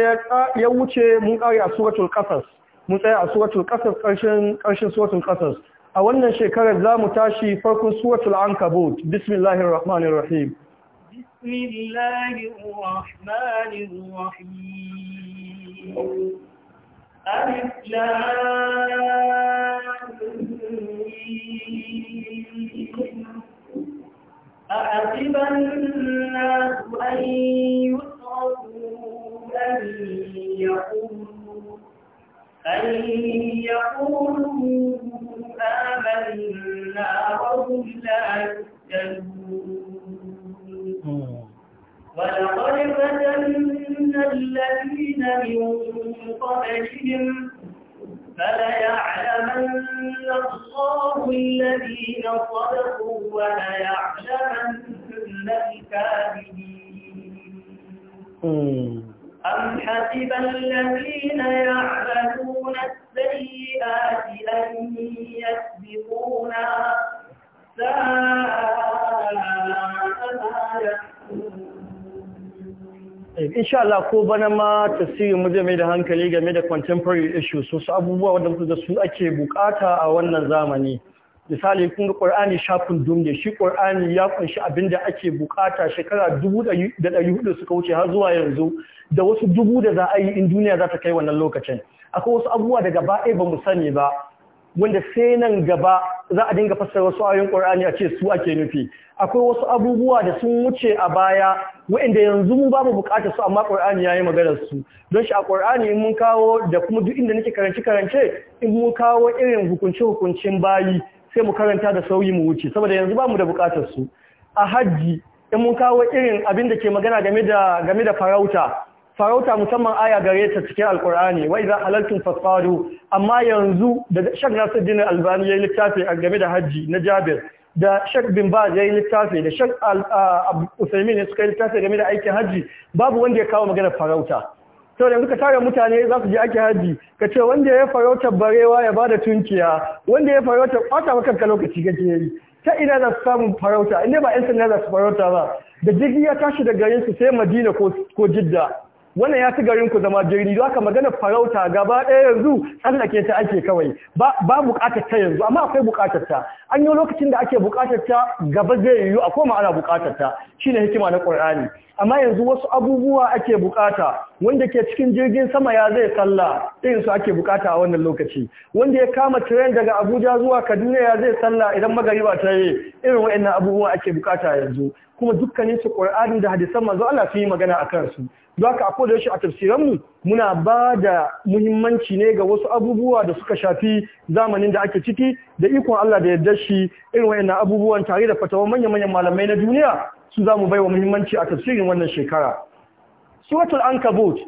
ya wuce mun kare a suratul qasas mun tsaya a suwatul qasas ƙarshen karshen suratul a wannan shekarar za mu tashi farkon suwatul an kabot rahmanir rahim bismillahir rahmanir rahim alif الناس أن يتركوا أن يقولوا أن يقولوا آمنا وهم لا يفتنون ولقد hmm. فتنا الذين من قبلهم فليعلمن الله الذين صدقوا وليعلمن الكاذبين أم حسب الذين يعملون السيئات أن يسبقونا ساء ما يحكمون insha Allah ko bana ma tasiri mu zai mai da hankali game da contemporary issues su abubuwa wadanda su ake bukata a wannan zamani misali kun ga Qur'ani shafin dumne shi Qur'ani ya kunshi da ake bukata shekara 1400 suka wuce har zuwa yanzu da wasu dubu da za a yi in duniya za ta kai wannan lokacin akwai wasu abubuwa daga ba'a ba mu sani ba wanda sai nan gaba za a dinga fassara wasu ayoyin Qur'ani a ce su ake nufi akwai wasu abubuwa da sun wuce a baya waɗanda yanzu mu ba mu bukata su amma Qur'ani yi maganar su don shi a Qur'ani in mun kawo da kuma duk inda nake karance karance in mun kawo irin hukunce hukuncin bayi sai mu karanta da sauyi mu wuce saboda yanzu ba mu da bukatar su a hajji in mun kawo irin abin da ke magana game da game da farauta farauta musamman aya gare ta cikin alkur'ani wa idza halaltum fasfaru amma yanzu da shak nasiruddin albani yayi littafi a game da hajji na jabir da shak bin baz yayi littafi da shak usaimin uh, suka yi littafi game da aikin hajji babu wanda ya kawo magana farauta sau da ka tara mutane za su je ake haji ka ce wanda ya farautar barewa ya ba da tunkiya wanda ya farauta ɓata maka ka lokaci kake yi ta ina za su samu farauta inda ba yan sanda za su farauta ba da jirgi ya tashi da garin su sai madina ko jidda wannan ya ci garin ku zama jirgi don haka magana farauta gaba ɗaya yanzu tsallake ta ake kawai ba buƙatar ta yanzu amma akwai buƙatar ta an yi lokacin da ake buƙatar ta gaba zai yiwu a koma ana buƙatar ta shine hikima na ƙur'ani amma yanzu wasu abubuwa ake bukata wanda ke cikin jirgin sama ya zai sallah irin su ake bukata a wannan lokaci wanda ya kama tren daga Abuja zuwa Kaduna ya zai sallah idan magariba ta yi irin wa'in abubuwa ake bukata yanzu kuma dukkanin su Qur'ani da hadisan manzo Allah sun yi magana kansu su Zaka ako da yaushe a tafsiranmu muna ba da muhimmanci ne ga wasu abubuwa da suka shafi zamanin da ake ciki da ikon Allah da yarda shi irin wa'in abubuwan tare da fatawar manya-manyan malamai na duniya su za mu baiwa muhimmanci a tafsirin wannan shekara suratul ankabut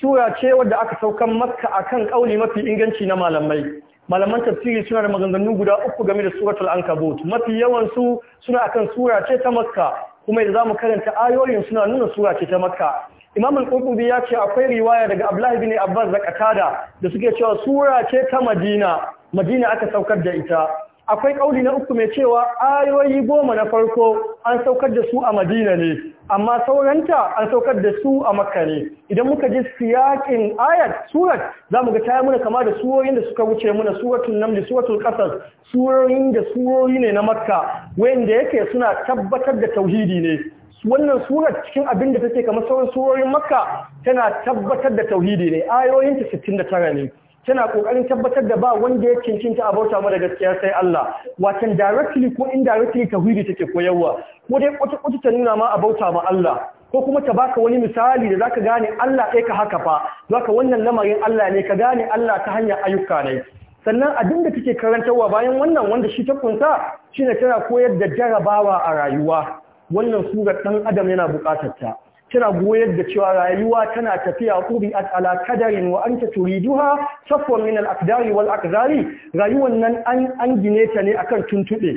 sura ce wadda aka saukan makka a kan ƙauni mafi inganci na malamai malaman tafsiri suna da maganganu guda uku game da suratul ankabut mafi yawansu su suna akan sura ce ta makka kuma za mu karanta ayoyin suna nuna sura ce ta makka imam al-qurtubi ya ce akwai riwaya daga abdullah ibn abbas da qatada da suke cewa sura ce ta madina madina aka saukar da ita akwai kauli na uku mai cewa ayoyi goma na farko an saukar da su a madina ne amma sauranta an saukar da su a makka ne idan muka ji siyakin ayat surat za mu ga ta muna kama da suwoyin da suka wuce muna suratul namdi, suratul qasas suwoyin da surori ne na makka wanda yake suna tabbatar da tauhidi ne wannan surat cikin abin da take kamar sauran surorin makka tana tabbatar da tauhidi ne Ayoyin ayoyinta tara ne tana kokarin tabbatar da ba wanda ya cincinta a bauta mu da gaskiya sai Allah watan directly ko indirectly tauhidi take koyarwa ko dai kwata kwata ta nuna ma a bauta ma Allah ko kuma ta baka wani misali da zaka gane Allah sai ka haka fa zaka wannan lamarin Allah ne ka gane Allah ta hanyar ayyuka ne sannan abin da take karantarwa bayan wannan wanda shi ta kunsa shine tana koyar da jarabawa a rayuwa wannan surar ɗan adam yana buƙatar ta tana goyar da cewa rayuwa tana tafiya kuri at ala kadarin wa anta turiduha safwan min al aqdari wal aqdari rayuwan nan an an gine ta ne akan tuntube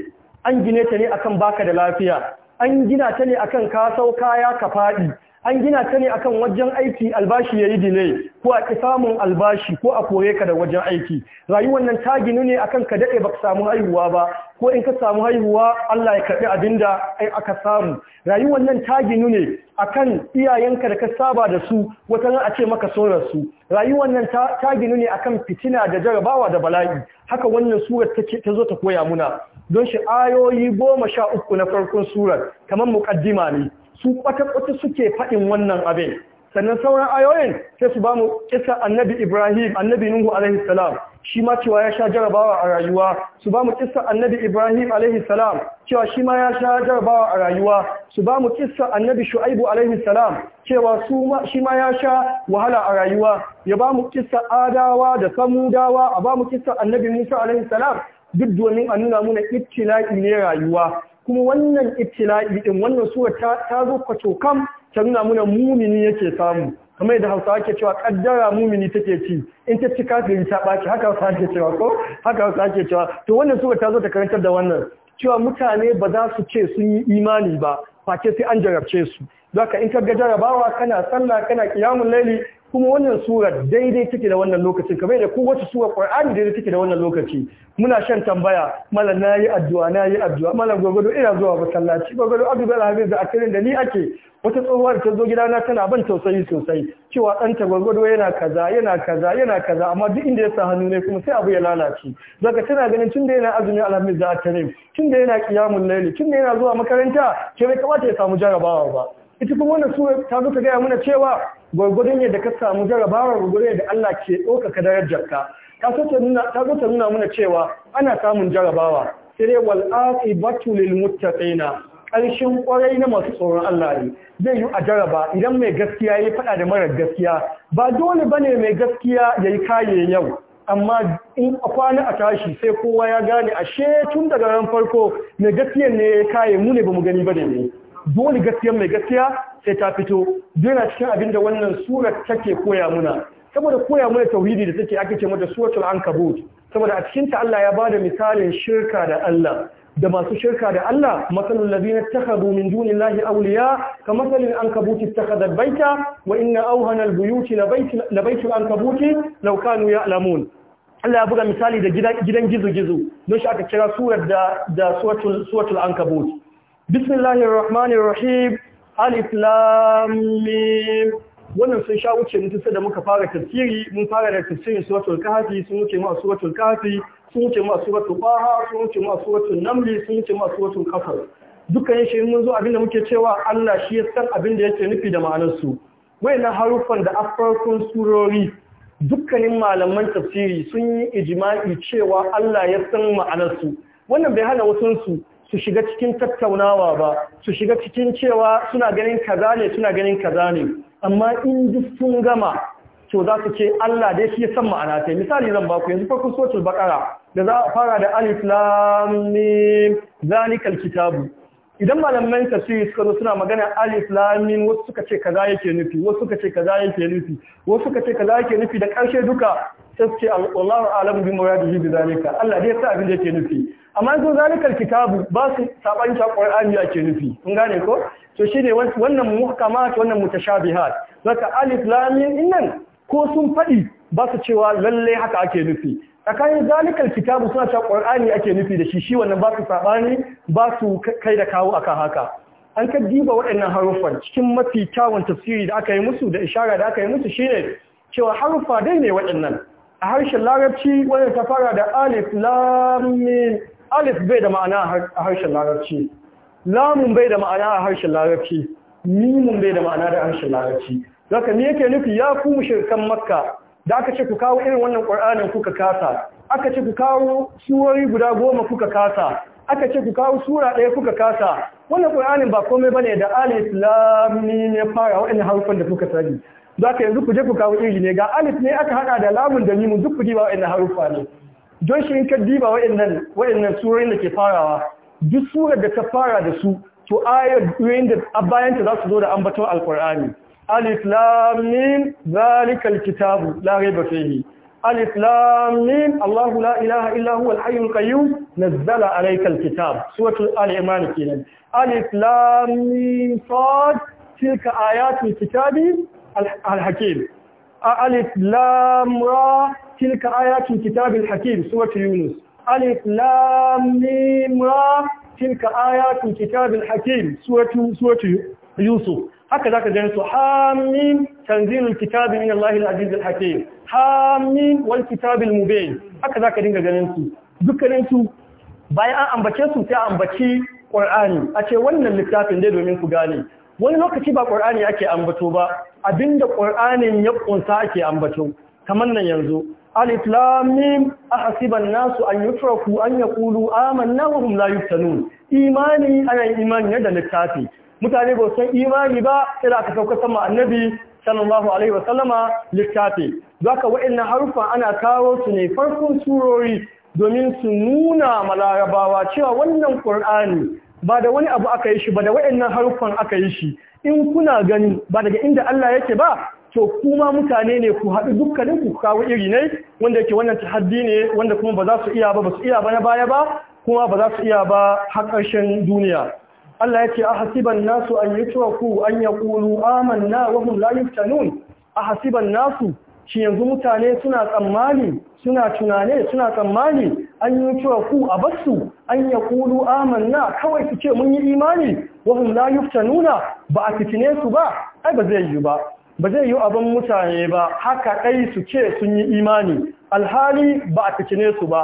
an gine ta ne akan baka da lafiya an gina ta ne akan ka sau kaya ka fadi an gina ta ne akan wajen aiki albashi ya yi dine ko a ƙi samun albashi ko a kore ka da wajen aiki rayuwar nan ta ginu ne akan ka daɗe ba ka samu haihuwa ba ko in ka samu haihuwa Allah ya karɓi abin da aka samu rayuwar nan ta ginu ne akan iyayenka da ka saba da su wata a ce maka sorar su rayuwar nan ta ginu ne akan fitina da jarabawa da bala'i haka wannan surar ta zo ta koya muna don shi ayoyi goma sha uku na farkon surar kamar muƙaddima ne su kwata-kwata suke faɗin wannan abin sannan sauran ayoyin sai su ba mu kisa annabi ibrahim annabi nuhu alaihi salam shi ma cewa ya sha jarabawa a rayuwa su ba mu kisa annabi ibrahim alaihi salam cewa shi ma ya sha jarabawa a rayuwa su ba mu kisa annabi shu'aibu alaihi salam cewa shi ma ya sha wahala a rayuwa ya ba mu kisa adawa da samudawa a ba mu kisa annabi musa alaihi salam duk domin a nuna muna ibtila'i ne rayuwa kuma wannan ibtila'i din wannan sura ta zo kam ta nuna muna mumini yake samu kamar da hausawa ke cewa kaddara mumini take ci in ta ci kafiri ta baki haka hausa cewa ko haka hausa cewa to wannan sura ta zo ta karantar da wannan cewa mutane ba za su ce sun yi imani ba face sai an jarabce su zaka in ka ga jarabawa kana sallah kana qiyamul laili kuma wannan sura daidai take da wannan lokacin kamar da kowace sura Qur'ani daidai take da wannan lokaci muna shan tambaya mallan nayi addu'a nayi addu'a mallan gogodo ina zuwa masallaci gogodo abdul habib da akirin da ni ake wata tsohuwar ta zo gidana tana ban tausayi sosai cewa ɗanta gogodo yana kaza yana kaza yana kaza amma duk inda ya sa hannu ne kuma sai abu ya lalace zaka tana ganin tun da yana azumi alhamis da akarim tun da yana qiyamul laili tun da yana zuwa makaranta ke bai kamata ya samu jarabawa ba ita kuma wannan sura ta zo ta gaya mana cewa gwargwadon da ka samu jarabawar gwargwadon da Allah ke ɗaukaka darajar ka ta so ta nuna mana cewa ana samun jarabawa sai dai wal aqibatu lil muttaqina ƙarshen ƙwarai na masu tsoron Allah ne zai yi a jaraba idan mai gaskiya ya faɗa da marar gaskiya ba dole bane mai gaskiya ya yi kaye yau amma in a kwana a tashi sai kowa ya gane ashe tun daga ran farko mai gaskiya ne ya kaye mu ne ba mu gani ba ne dole gaskiyar mai gaskiya sai ta fito yana cikin abin da wannan surar take koya muna saboda koya muna tauhidi da take ake ce mata suratul ankabut saboda a cikin ta Allah ya bada misalin shirka da Allah da masu shirka da Allah masalul ladina takhadu min dunillahi awliya kamasalil ankabuti ittakhadhat baita wa inna awhana albuyuti labaytul ankabuti law kanu ya'lamun Allah ya buga misali da gidan gizo gizo don shi aka kira surar da da suratul suratul ankabut بسم الله الرحمن الرحيم ألف لام ميم wannan sun sha wuce mutunsa da muka fara tafsiri mun fara da tafsirin suratul kahfi sun wuce mu a suratul kahfi sun wuce mu a suratul baha sun wuce mu a suratul namli sun wuce mu a suratul qasas dukkan shi mun zo abinda muke cewa Allah shi ya san abinda yake nufi da ma'anar su wayannan harufan da afarkun surori dukkanin malaman tafsiri sun yi ijma'i cewa Allah ya san ma'anar su wannan bai hana wasu su su shiga cikin tattaunawa ba su shiga cikin cewa suna ganin kaza ne suna ganin kaza ne amma in duk sun gama to za su ce Allah dai shi ya san ma'ana ta misali zan ba ku yanzu farko suratul baqara da za a fara da alif lam mim zalikal kitabu idan malaman tafsiri suka zo suna magana alif lam mim wasu suka ce kaza yake nufi wasu suka ce kaza yake nufi wasu suka ce kaza yake nufi da karshe duka sai su ce Allahu a'lamu bi muradihi bi zalika Allah dai ya san abin da yake nufi amma zo zalikar kitabu ba su saɓan ta ƙwar'ani ake nufi sun gane ko to shi ne wannan muhkamat wannan mutashabihat zaka alif lamin innan ko sun faɗi ba su cewa lallai haka ake nufi tsakanin zalikar kitabu suna cewa ƙwar'ani ake nufi da shi shi wannan ba su saɓani ba su kai da kawo akan haka an ka diba waɗannan haruffan cikin mafi kyawun tafsiri da aka yi musu da ishara da aka yi musu shine cewa haruffa dai ne waɗannan a harshen larabci wanda ta fara da alif lam alif bai da ma'ana a harshen larabci lamun bai da ma'ana a harshen larabci mimun bai da ma'ana da harshen larabci zaka me yake nufi ya ku mushrikan makka da aka ce ku kawo irin wannan qur'anin kuka kasa aka ce ku kawo suwari guda goma kuka kasa aka ce ku kawo sura ɗaya kuka kasa wannan qur'anin ba komai bane da alif lam mim ya fara wa'annan harfan da kuka sani zaka yanzu ku je ku kawo iri ne ga alif ne aka hada da lamun da mimun duk ku diba wa'annan harufa ne don shi in ka diba waɗannan surorin da ke farawa duk surar da ka fara da su to ayoyin da ta za su zo da ambaton alkur'ani alif lam zalikal kitabu la raiba fihi alif Allahu la ilaha illa huwa al nazzala alaykal kitab suratul al kenan alif lam tilka ayatul kitabi alhakim hakim tilka ayatul kitabil hakim suratu yunus alif lam mim ra tilka ayatul kitabil hakim suratu suratu yusuf haka zaka gani su hamim tanzilul kitabi min allahil azizil hakim hamim wal kitabil mubin haka zaka dinga ganin su dukkanin su bayan an ambace su sai ambaci qur'ani a ce wannan littafin dai domin ku gane wani lokaci ba qur'ani ake ambato ba abinda qur'anin ya kunsa ake ambato kamar nan yanzu alif lam mim ahsiban nasu an yutraku an yaqulu amanna wa hum la yuftanun imani ana imani ne da littafi mutane ba san imani ba sai aka sauka sama annabi sallallahu alaihi wasallama littafi zaka wa'annan harufa ana kawo su ne farkon surori domin su nuna malarabawa cewa wannan qur'ani ba da wani abu aka yi shi ba da wa'annan harufan aka yi shi in kuna gani ba daga inda Allah yake ba to kuma mutane ne ku haɗu dukkanin ku kawo iri ne wanda yake wannan tahaddi ne wanda kuma ba za su iya ba ba su iya ba na baya ba kuma ba za su iya ba har ƙarshen duniya Allah ya ce a hasiban nasu an yi ku an ya ƙulu amanna wa hum la yuftanun a hasiban nasu shi yanzu mutane suna tsammani suna tunane suna tsammani an yi cewa ku a basu an ya kulu amanna kawai su ce mun yi imani wahum la yuftanuna ba a fitine su ba ai ba zai yi ba ba zai yi abin mutane ba haka ɗai su ce sun yi imani alhali ba a fitine su ba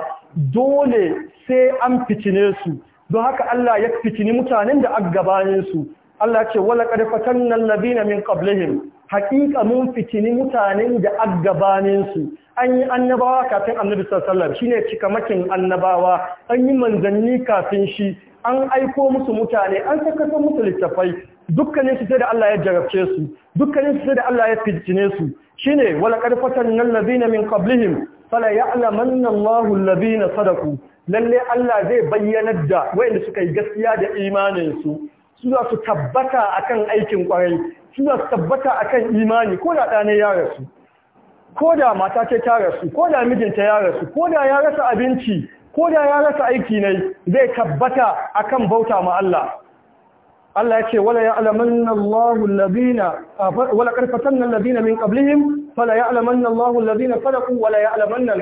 dole sai an fitine su don haka Allah ya fitini mutanen da aggabanin su Allah ce wala nan nan alladhina min ƙablihim haƙiƙa mun fitini mutanen da aggabanin su an yi annabawa kafin annabi sallallahu shi ne cika cikamakin annabawa an yi manzanni kafin shi an aiko musu mutane an saka musu littafai dukkanin su sai da Allah ya jarabce su dukkanin su sai da Allah ya fitine su shine wala qad fatanna ladina min qablihim fala ya'lamanna Allahu allazina sadaku lalle Allah zai bayyanar da wayanda suka yi gaskiya da imanin su su za su tabbata akan aikin kwarai su za su tabbata akan imani ko da dane ya rasu ko da mata ce ta rasu ko da mijinta ya rasu ko da ya rasa abinci ko da ya rasa aiki ne zai tabbata akan bauta ma Allah Allah ya ce wala alamanna Allahu alladhina wala karfatanna alladhina min qablihim fala alamanna Allahu alladhina sadaqu wala ya alamanna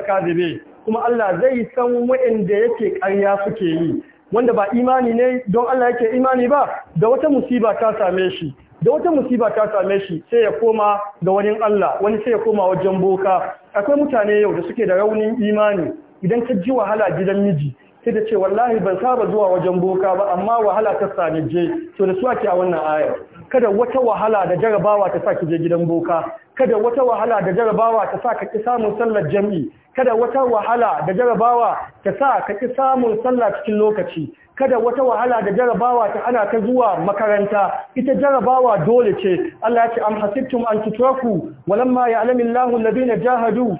kuma Allah zai san wa'anda yake ƙarya suke yi wanda ba imani ne don Allah yake imani ba da wata musiba ta same shi da wata musiba ta same shi sai ya koma ga wani Allah wani sai ya koma wajen boka akwai mutane yau da suke da raunin imani idan ka ji wahala gidan miji sai da ce wallahi ban saba zuwa wajen boka ba amma wahala ta sani je to da suwa ake a wannan ayar kada wata wahala da jarabawa ta sa je gidan boka kada wata wahala da jarabawa ta sa ki samun sallar jami'i kada wata wahala da jarabawa ta sa ki samun sallah cikin lokaci kada wata wahala da jarabawa ta ana ta zuwa makaranta ita jarabawa dole ce Allah ya ce am hasibtum an tutraku walamma ya'lamu Allahu alladhina jahadu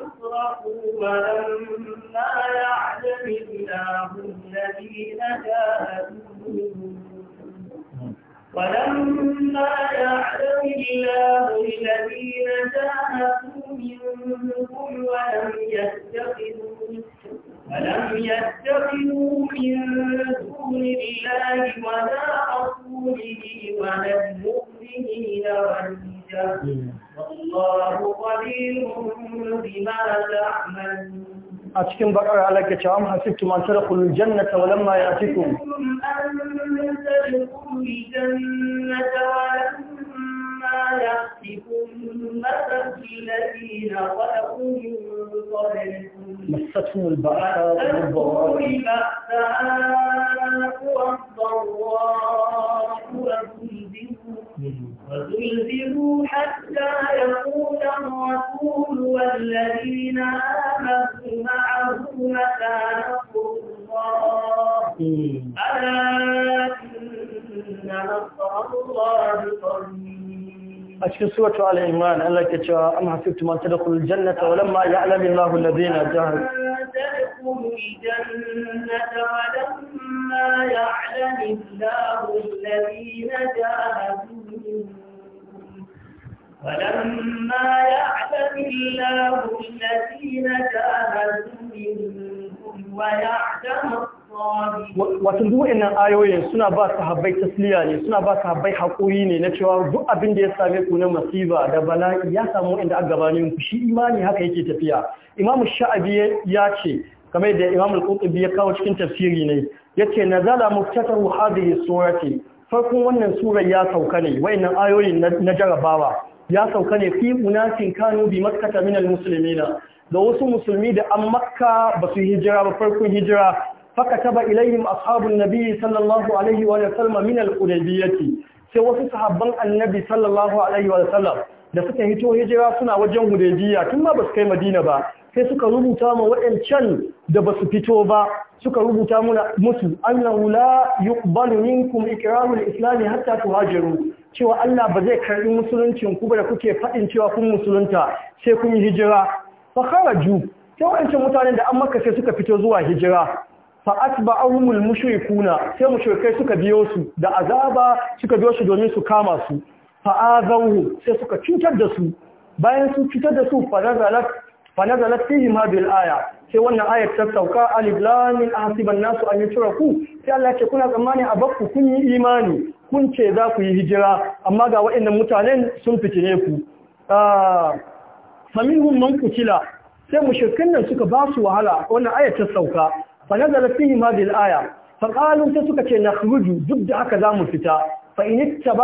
تتركوا ولما يعلم الله الذين جاهدوا ولما يعلم الله الذين جاهدوا منكم ولم يتخذوا ولم يتخذوا من دون الله ولا رسوله ولا المؤمنين وليا a cikin bakar halakka cewa mu hasibtu man tadkhulul jannata wa lamma ya'tikum an يأتكم مثل الذين خلقوا من قبلكم مستهم البأساء والضراء وزلزلوا حتى يقول الرسول والذين آمنوا معه متى نصر الله ألا إن نصر الله قريب أشكر سورة آل عمران أن لك جاء أنها سبت من الجنة ولما يعلم الله الذين جاهدوا ولما تدخل الجنة ولما يعلم الله الذين جاهدوا ولما يعلم الله الذين جاهدوا منكم ويعلم wato duk wa'annan ayoyin suna ba sahabbai tasliya ne suna ba sahabbai haƙuri ne na cewa duk abin da ya same ku na masiba da bala'i ya samu inda aka gabanin ku shi imani haka yake tafiya imamu sha'abi ya ce kamar da imamu al-qurtubi ya kawo cikin tafsiri ne yace nazala muftatahu hadhihi surati farkon wannan surar ya sauka ne wa'annan ayoyin na jarabawa ya sauka ne fi munafin kanu bi makkata minal muslimina da wasu musulmi da an makka ba su hijira ba farkon hijira فكتب إليهم أصحاب النبي صلى wa عليه وسلم من الحديبية sai wasu sahabban annabi sallallahu alaihi wa sallam da suka hito hijira suna wajen hudaybiya tun ma basu kai madina ba sai suka rubuta mu waancan da basu fito ba suka rubuta muna musu annahu la yuqbalu minkum ikrahu al-islam hatta tuhajiru cewa Allah ba zai karbi musuluncin ku ba da kuke fadin cewa kun musulunta sai kun yi hijira fa kharaju sai waɗancan mutanen da an maka sai suka fito zuwa hijira fa asba'ahumul mushrikuna sai mushrikai suka biyo su da azaba suka biyo su domin su kama su fa azawu sai suka cutar da su bayan sun cutar da su fa nazalat fa nazalat fihim hadhihi al-aya sai wannan ayat ta sauka alif lam min ahsiban nasu an yutraku sai Allah ce kuna tsammani a bakku kun yi imani kun ce za ku yi hijira amma ga waɗannan mutanen sun fitine ku ah, faminhum man kutila sai mushrikin nan suka ba su wahala wannan ayat ta sauka fa nazala fihi ma bil aya fa qalu suka ce nakhruju duk da haka zamu fita fa in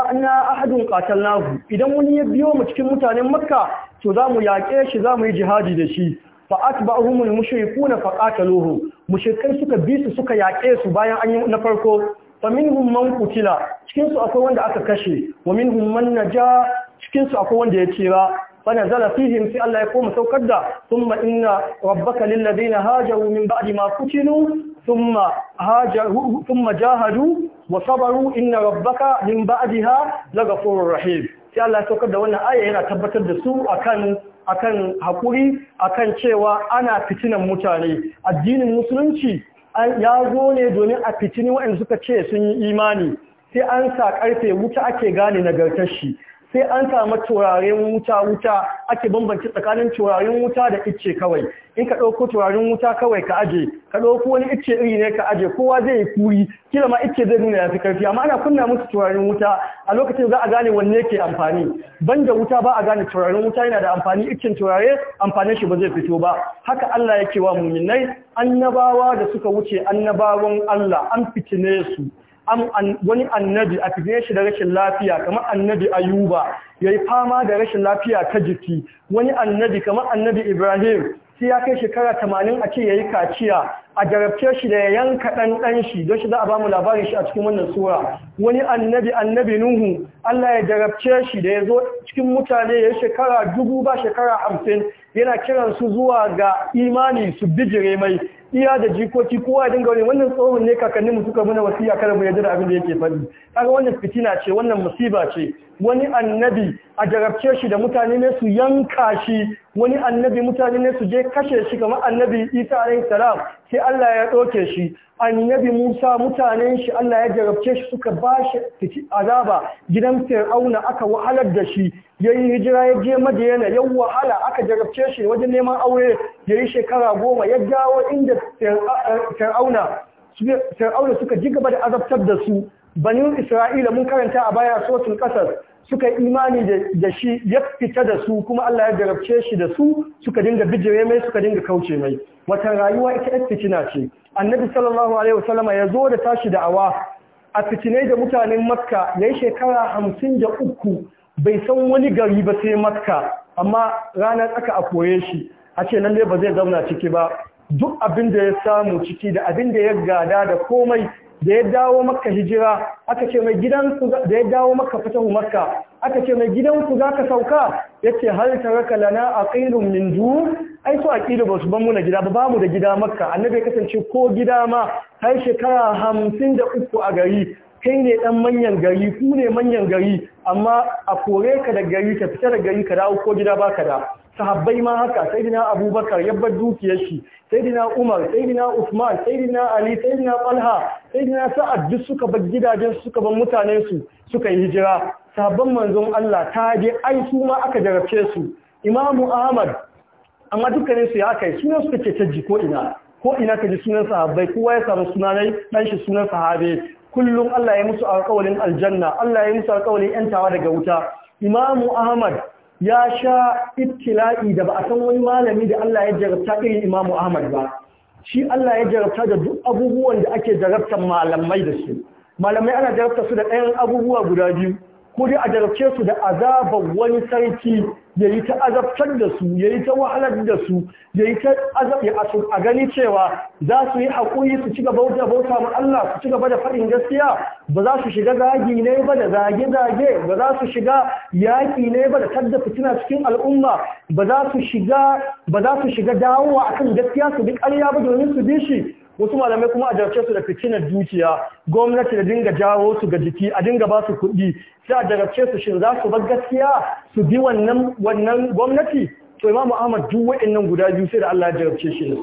ana ahadun qatalnahu idan wani ya biyo mu cikin mutanen makka to zamu yaƙe shi zamu yi jihadi da shi fa atba'uhum al mushrikuna fa qataluhu mushrikai suka bi su suka yaƙe su bayan an yi na farko fa minhum man qutila cikin akwai wanda aka kashe wa minhum man naja cikin akwai wanda ya tsira فنزل فيهم في الله يقوم سوكدا ثم إن ربك للذين هاجروا من بعد ما فتنوا ثم هاجروا ثم جاهدوا وصبروا إن ربك من بعدها لغفور رحيم في الله سوكدا وانا آية هنا تبتد سوء أكان akan hakuri akan cewa ana fitinan mutane addinin musulunci ya zo ne domin a fitini waɗanda suka ce sun yi imani sai an sa karfe wuta ake gane nagartar shi sai an samu turaren wuta-wuta ake bambanci tsakanin turaren wuta da icce kawai in ka ɗauko turaren wuta kawai ka aje ka ɗauko wani icce iri ne ka aje kowa zai yi kuri kila ma icce zai nuna ya fi karfi amma ana kunna musu turaren wuta a lokacin za a gane wanne ke amfani Ban da wuta ba a gane turaren wuta yana da amfani iccen turare amfanin shi ba zai fito ba haka Allah yake wa muminai annabawa da suka wuce annabawan Allah an fitine su wani annabi a fiye shi da rashin lafiya kamar annabi ayuba ya yi fama da rashin lafiya ta jiki wani annabi kamar annabi ibrahim sai ya kai shekara tamanin a ce ya yi kaciya a jarabce shi da ya yanka ɗanɗan shi don shi za a ba mu labarin shi a cikin wannan sura wani annabi annabi nuhu Allah ya jarabce shi da ya zo cikin mutane ya yi shekara dubu ba shekara hamsin yana kiran su zuwa ga imani su bijire mai iya da jikoki kowa ya dinga wani wannan tsohon ne kakannin suka muna wasiya kada mu yadda da abin da yake faɗi kaga wannan fitina ce wannan musiba ce wani annabi a jarabce shi da mutane ne su yanka shi wani annabi mutane ne su je kashe shi kamar annabi isa alayhi salam sai Allah ya doke shi annabi musa mutanen shi Allah ya jarabce shi suka ba shi azaba gidan fir'auna aka wahalar da shi ya yi hijira ya je madiyana ya wahala aka jarabce shi wajen neman aure yayi shekara goma ya gawo inda fir'auna fir'auna suka ji gaba da azabtar da su bani isra'ila mun karanta a baya sotun ƙasar suka imani da shi ya fita da su kuma Allah ya garabce shi da su suka dinga bijire mai suka dinga kauce mai wata rayuwa ita ya fitina ce annabi sallallahu alaihi wasallama ya zo da tashi da awa. a fitinai da mutanen makka ya yi shekara hamsin da uku bai san wani gari ba sai makka amma ranar tsaka a koye shi a ce nan ne ba zai zauna ciki ba duk abin da ya samu ciki da abin da ya gada da komai da ya dawo maka hijira aka ce mai gidanku da ya dawo maka fatahu makka aka ce mai gidanku za ka sauka ya ce har taraka lana a ƙairun min du ai su aƙilu ba su ban muna gida ba mu da gida makka annabi kasance ko gida ma har shekara hamsin da uku a gari kai ne dan manyan gari ku ne manyan gari amma a kore ka da gari ka fita da gari ka dawo ko gida ba ka da sahabbai ma haka sayyidina abubakar yabbar dukiyar shi sayyidina umar sayyidina usman sayyidina ali falha talha sayyidina sa'ad duk suka bar gidajen suka bar mutane su suka yi hijira sahabban manzon Allah ta je ai su ma aka jarabce su imamu ahmad amma dukkanin su ya kai sunan su ce tajji ko ina ko ina ka ji sunan sahabbai kowa ya samu sunanai dan shi sunan sahabe kullum Allah ya musu alƙawarin aljanna Allah ya musu alƙawarin yantawa daga wuta imamu ahmad ya sha ittila'i da ba a san wani malami da Allah ya jarabta irin Imam Ahmad ba shi Allah ya jarabta da duk abubuwan da ake jarabtar malamai da su malamai ana jarabta su da ɗayan abubuwa guda biyu ko a jarabce su da azabar wani sarki ya yi ta azabtar da su ya yi ta wahalar da su ya yi ta su a gani cewa za su yi haƙuri su ci gaba da bauta ma Allah su ci gaba da faɗin gaskiya ba za su shiga zagi ne ba da zage-zage ba za su shiga yaƙi ne ba da tadda fitina cikin al'umma ba za su shiga ba za su shiga dawowa akan gaskiya su bi ƙarya ba domin su bi shi wasu malamai kuma a jarabce su da fitinar dukiya gwamnati da dinga jawo su ga jiki a dinga ba su kuɗi sai a jarabce su shin za su bar gaskiya su bi wannan gwamnati to imamu ahmad duk nan guda biyu sai da Allah ya jarabce shi da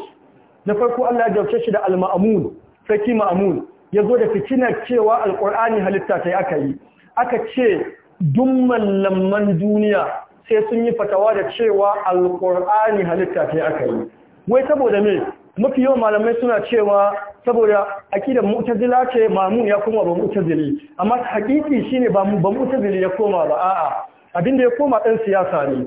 na farko Allah ya jarabce shi da al-ma'mun saki ma'mun ya zo da fitinar cewa alqur'ani halitta ta yi aka yi aka ce duk mallaman duniya sai sun yi fatawa da cewa alqur'ani halitta ta yi aka yi wai saboda me mafi yawan malamai suna cewa saboda akidar mu'tazila ce mamun ya koma ba mu'tazili amma hakiki shine ba ba mu'tazili ya koma ba a'a abin da ya koma dan siyasa ne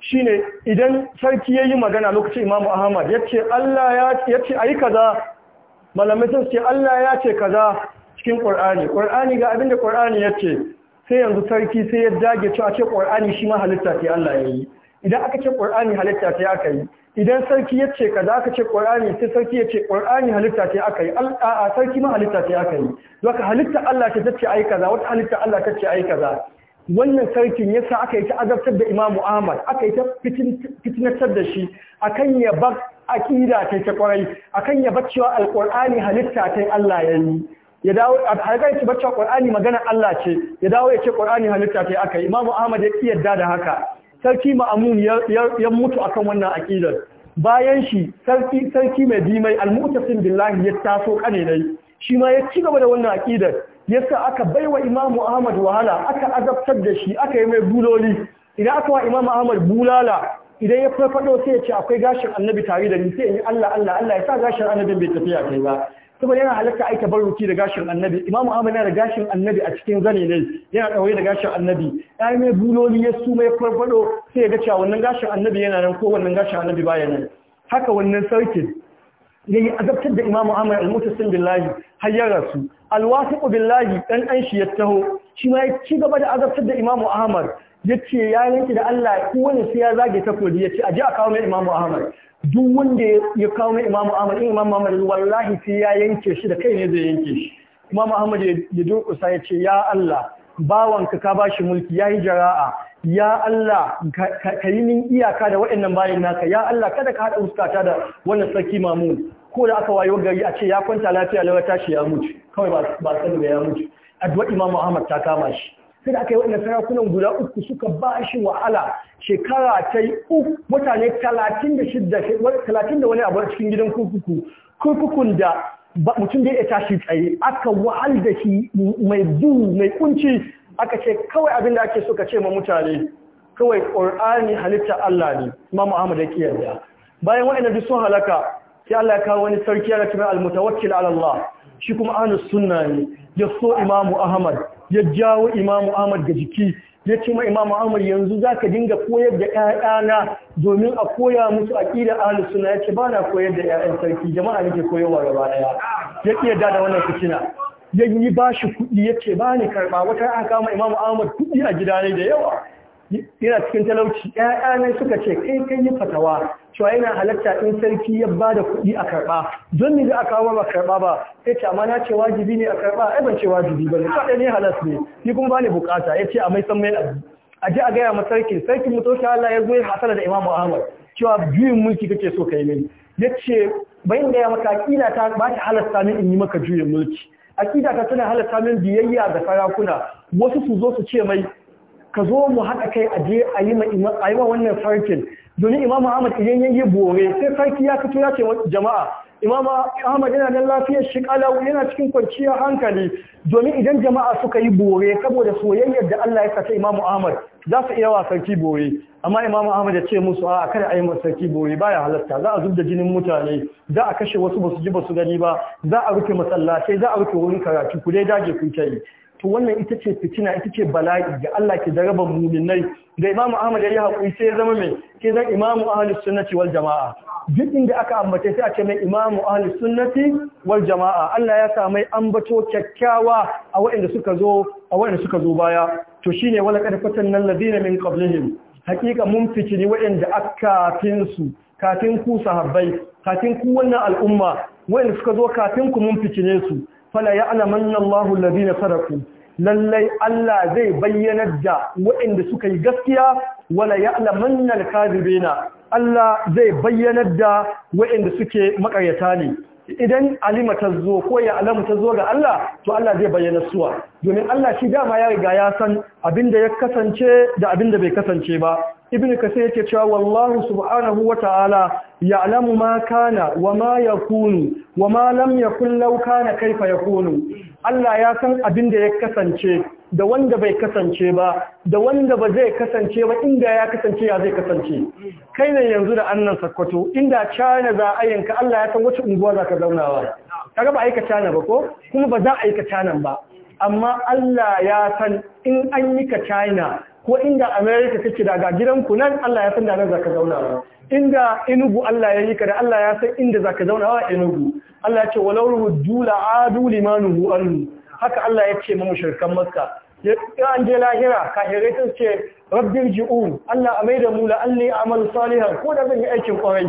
shine idan sarki yayi magana lokacin Imam Ahmad yace Allah ya yace ayi kaza malamai sun ce Allah ya ce kaza cikin Qur'ani Qur'ani ga abin da Qur'ani yace sai yanzu sarki sai ya dage cewa ce Qur'ani shi ma halitta ce Allah yayi idan aka ce Qur'ani halitta ce aka yi idan sarki ya ce kaza aka ce ƙwarani sai sarki ya ce ƙwarani halitta ce aka yi a sarki ma halitta ce aka yi zaka halitta Allah ce tace ai kaza wata halitta Allah ta ce ai kaza wannan sarkin sa aka yi ta azabtar da Imam Ahmad aka yi ta fitinatar da shi akan ya ba aqida ta ta ƙwarai akan ya bar cewa alƙur'ani halitta ta Allah yayi ya dawo a harkar ci bacci Qur'ani magana Allah ce ya dawo ya ce Qur'ani halitta ta aka yi Imam Ahmad ya kiyarda da haka sarki ma'amun ya mutu akan wannan aƙidar bayan shi sarki mai bi mai almutasin billahi ya taso kane dai shi ma ya ci gaba da wannan aƙidar ya sa aka baiwa imamu ahmad wahala aka azabtar da shi aka yi mai buloli idan aka wa imamu ahmad bulala idan ya farfado sai ya ce akwai gashin annabi tare da ni sai ya yi Allah Allah Allah ya sa gashin annabi bai tafiya kai ba saboda yana halatta aika barruki da gashin annabi imamu ahmad da gashin annabi a cikin zane ne yana ɗaure da gashin annabi yi mai buloli ya su mai farfado sai ya ga cewa wannan gashin annabi yana nan ko wannan gashin annabi baya nan haka wannan sarkin yayi azabtar da imamu ahmad al mutasin billahi har ya rasu alwasiqu billahi dan an shi ya taho shi ma ya ci gaba da azabtar da imamu ahmad ya ce ya yanki da Allah ko wani sai ya zage takobi ya ce a je a kawo mai imamu ahmad duk wanda ya kawo mai imamu ahmad in imamu amal wallahi sai ya yanke shi da kai ne zai yanke shi imamu Muhammad ya durkusa ya ce ya Allah bawanka ka ba shi mulki Ya yi jara'a ya Allah ka yi min iyaka da waɗannan bayan naka ya Allah kada ka haɗa fuskata da wannan sarki mamu ko da aka wayo gari a ce ya kwanta lafiya lawa tashi ya mutu kawai ba san da ya mutu addu'a imamu ahmad ta kama shi sai da aka yi waɗanda sarakunan guda uku suka ba shi wa'ala, shekara ta yi uku mutane talatin da wani abu a cikin gidan kurkuku kurkukun da mutum da ya tashi tsaye aka wa'al da shi mai duhu mai kunci aka ce kawai abin da ake so ka ce ma mutane kawai ƙor'ani halitta Allah ne ma Muhammad ya kiyarda bayan waɗanda duk sun halaka sai Allah ya kawo wani sarki ya al-mutawakkil ala Allah shi kuma ahlus sunna ne ya so Imamu Ahmad ya jawo imamu ahmad ga jiki ya ce ma imamu ahmad yanzu za ka dinga koyar da 'ya'yana domin a koya musu aƙidar ahlus suna ya ce ba na koyar da 'ya'yan sarki jama'a ke koyarwa gaba ɗaya ya ƙi yadda da wannan fitina ya yi ba shi kuɗi ya ce ba ni karɓa wata an kama imamu ahmad kuɗi a gida da yawa yana cikin talauci ƴaƴa suka ce kai kai yi fatawa cewa yana halatta in sarki ya ba da kuɗi a karɓa don ni za a kawo ba karɓa ba ya ce amma na ce wajibi ne a karɓa ai ban ce wajibi ba ne ta ɗaya ne halas ne ni kuma ba ne bukata ya ce a mai san mai abu a ji a gaya ma sarki sarki mutoci Allah ya zo ya hasala da imamu Ahmad cewa juyin mulki kake so ka yi mini ya ce bayan gaya maka ƙila ta ba ta halasta min in yi maka juyin mulki aƙida ta tana halasta min biyayya ga sarakuna wasu su zo su ce mai ka zo mu haɗa kai a je a yi ma wannan farkin domin imamu ahmad idan ya yi bore sai sarki ya fito ya ce jama'a imamu ahmad yana nan lafiyar shi kalau yana cikin kwanciyar hankali domin idan jama'a suka yi bore saboda soyayyar da Allah ya kasa imamu ahmad za su iya wa sarki bore amma imamu ahmad ya ce musu a kada a yi masa sarki bore baya halatta za a zub da jinin mutane za a kashe wasu ba su ji ba su gani ba za a rufe masallatai za a rufe wurin karatu ku dai dage kun to wannan ita ce fitina ita ce bala'i ga Allah ke daraba muminai da Imam Ahmad yayi hakuri sai ya zama mai ke zan Imam Ahlus Sunnati wal Jama'a duk inda aka ambace sai a ce mai Imam Ahlus Sunnati wal Jama'a Allah ya sa mai ambato kyakkyawa a waɗanda suka zo a waɗanda suka zo baya to shine wala qad fatanna ladina min qablihim hakika mun fitini waɗanda aka kafin su kafin ku sahabbai kafin ku wannan al'umma waɗanda suka zo kafin ku mun fitine su fala ya'lamanna Allahu alladhina sadaqu lallai Allah zai bayyanar da waɗanda suka yi gaskiya wala mannan al-kadhibina Allah zai bayyanar da waɗanda suke maƙaryata ne idan alima ta zo ko ya alamu ta zo ga Allah to Allah zai bayyana suwa domin Allah shi dama ya riga ya san abinda ya kasance da abin da bai kasance ba ibnu kasir yake cewa wallahu subhanahu wataala ya'lamu ma kana wa ma yakunu wa ma lam yakun law kana kaifa yakunu Allah ya san abin da ya kasance da wanda bai kasance ba da wanda ba zai kasance ba inda ya kasance ya zai kasance kai ne yanzu da annan sakwato, inda china za a yanka Allah ya san wace unguwa za ka zauna zaunawa kaga ba aika china ba ko kuma ba za a aika china ba amma Allah ya san in an yi ka china ko inda america kake daga gidan ku nan Allah ya san da nan za ka zaunawa inda inugu Allah ya yi ka da Allah ya san inda za ka zauna ba inugu Allah ya ce walau ruhu adu limanuhu annu haka Allah ya ce ma mushrikan makka ya an je lahira kahirai sun ce rabbir ji'un Allah a maida mu la'alli amal salihan ko da zan yi aikin kwarai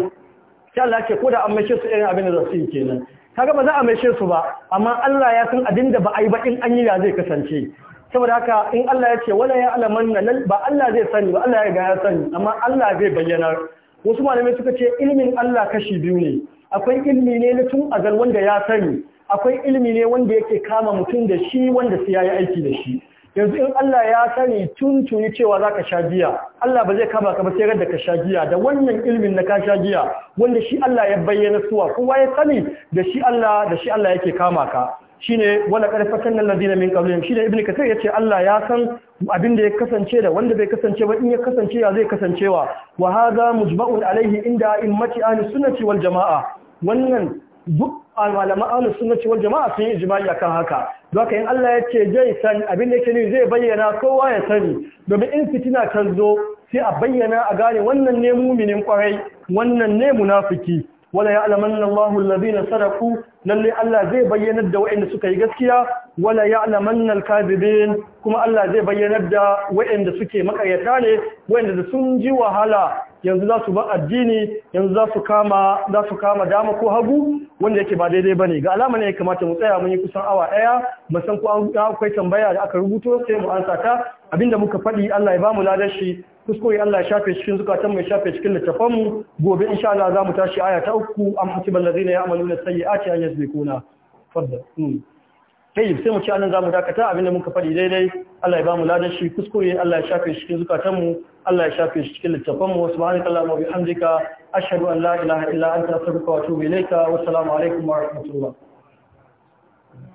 sai Allah ce ko da an mace su irin abin da za su yi kenan kaga ba za a mace su ba amma Allah ya san abin da ba a yi ba in an yi ya zai kasance saboda haka in Allah ya ce wala ya alaman nan ba Allah zai sani ba Allah ya ga ya sani amma Allah zai bayyana wasu malamai suka ce ilimin Allah kashi biyu ne akwai ilimi ne na tun azal wanda ya sani akwai ilimi ne wanda yake kama mutum da shi wanda sai yayi aiki da shi yanzu in Allah ya sani tun tuni cewa zaka sha giya Allah ba zai kama ka ba sai da ka sha giya da wannan ilmin na ka sha giya wanda shi Allah ya bayyana suwa kowa ya sani da shi Allah da shi Allah yake kama ka shine wala qad fatanna alladhina min qablihim shine ibnu kasir yace Allah ya san abin da ya kasance da wanda bai kasance ba in ya kasance ya zai kasancewa wa hadha mujma'un alaihi inda immati ahli sunnati wal jamaa wannan duk malaman ahlus sunnati wal jamaa sun yi ijma'i akan haka Zaka yin Allah ya ce zai san abin da yake ne zai bayyana kowa ya sani domin in fitina ta zo sai a bayyana a gane wannan ne muminin kwarai wannan ne munafiki wala ya'lamanna Allahu alladhina sadaqu lalle Allah zai bayyanar da wa'inda suka yi gaskiya wala ya'lamanna al-kadhibin kuma Allah zai bayyanar da wa'inda suke makayyata ne wa'inda sun ji wahala yanzu za su ba addini yanzu za su kama za su kama dama ko hagu wanda yake ba daidai bane ga alama ne ya kamata mu tsaya mun yi kusan awa daya mu san ko akwai tambaya da aka rubuto sai mu ansa ta abinda muka faɗi Allah ya bamu ladan shi kuskure Allah ya shafe cikin zukatan mai shafe cikin littafan mu gobe insha Allah za mu tashi aya ta uku am hasibal ladina ya'maluna sayyi'ati an yasbiquna faddal hmm. sai mu ci anan zamu dakata abinda muka faɗi daidai Allah ya bamu ladan shi kuskure Allah ya shafe shi cikin zukatan mu Allah ya shafe shi cikin littafan mu subhanallahi wa bihamdika ashhadu an la ilaha illa anta astaghfiruka wa atubu ilaika wa assalamu alaikum wa rahmatullah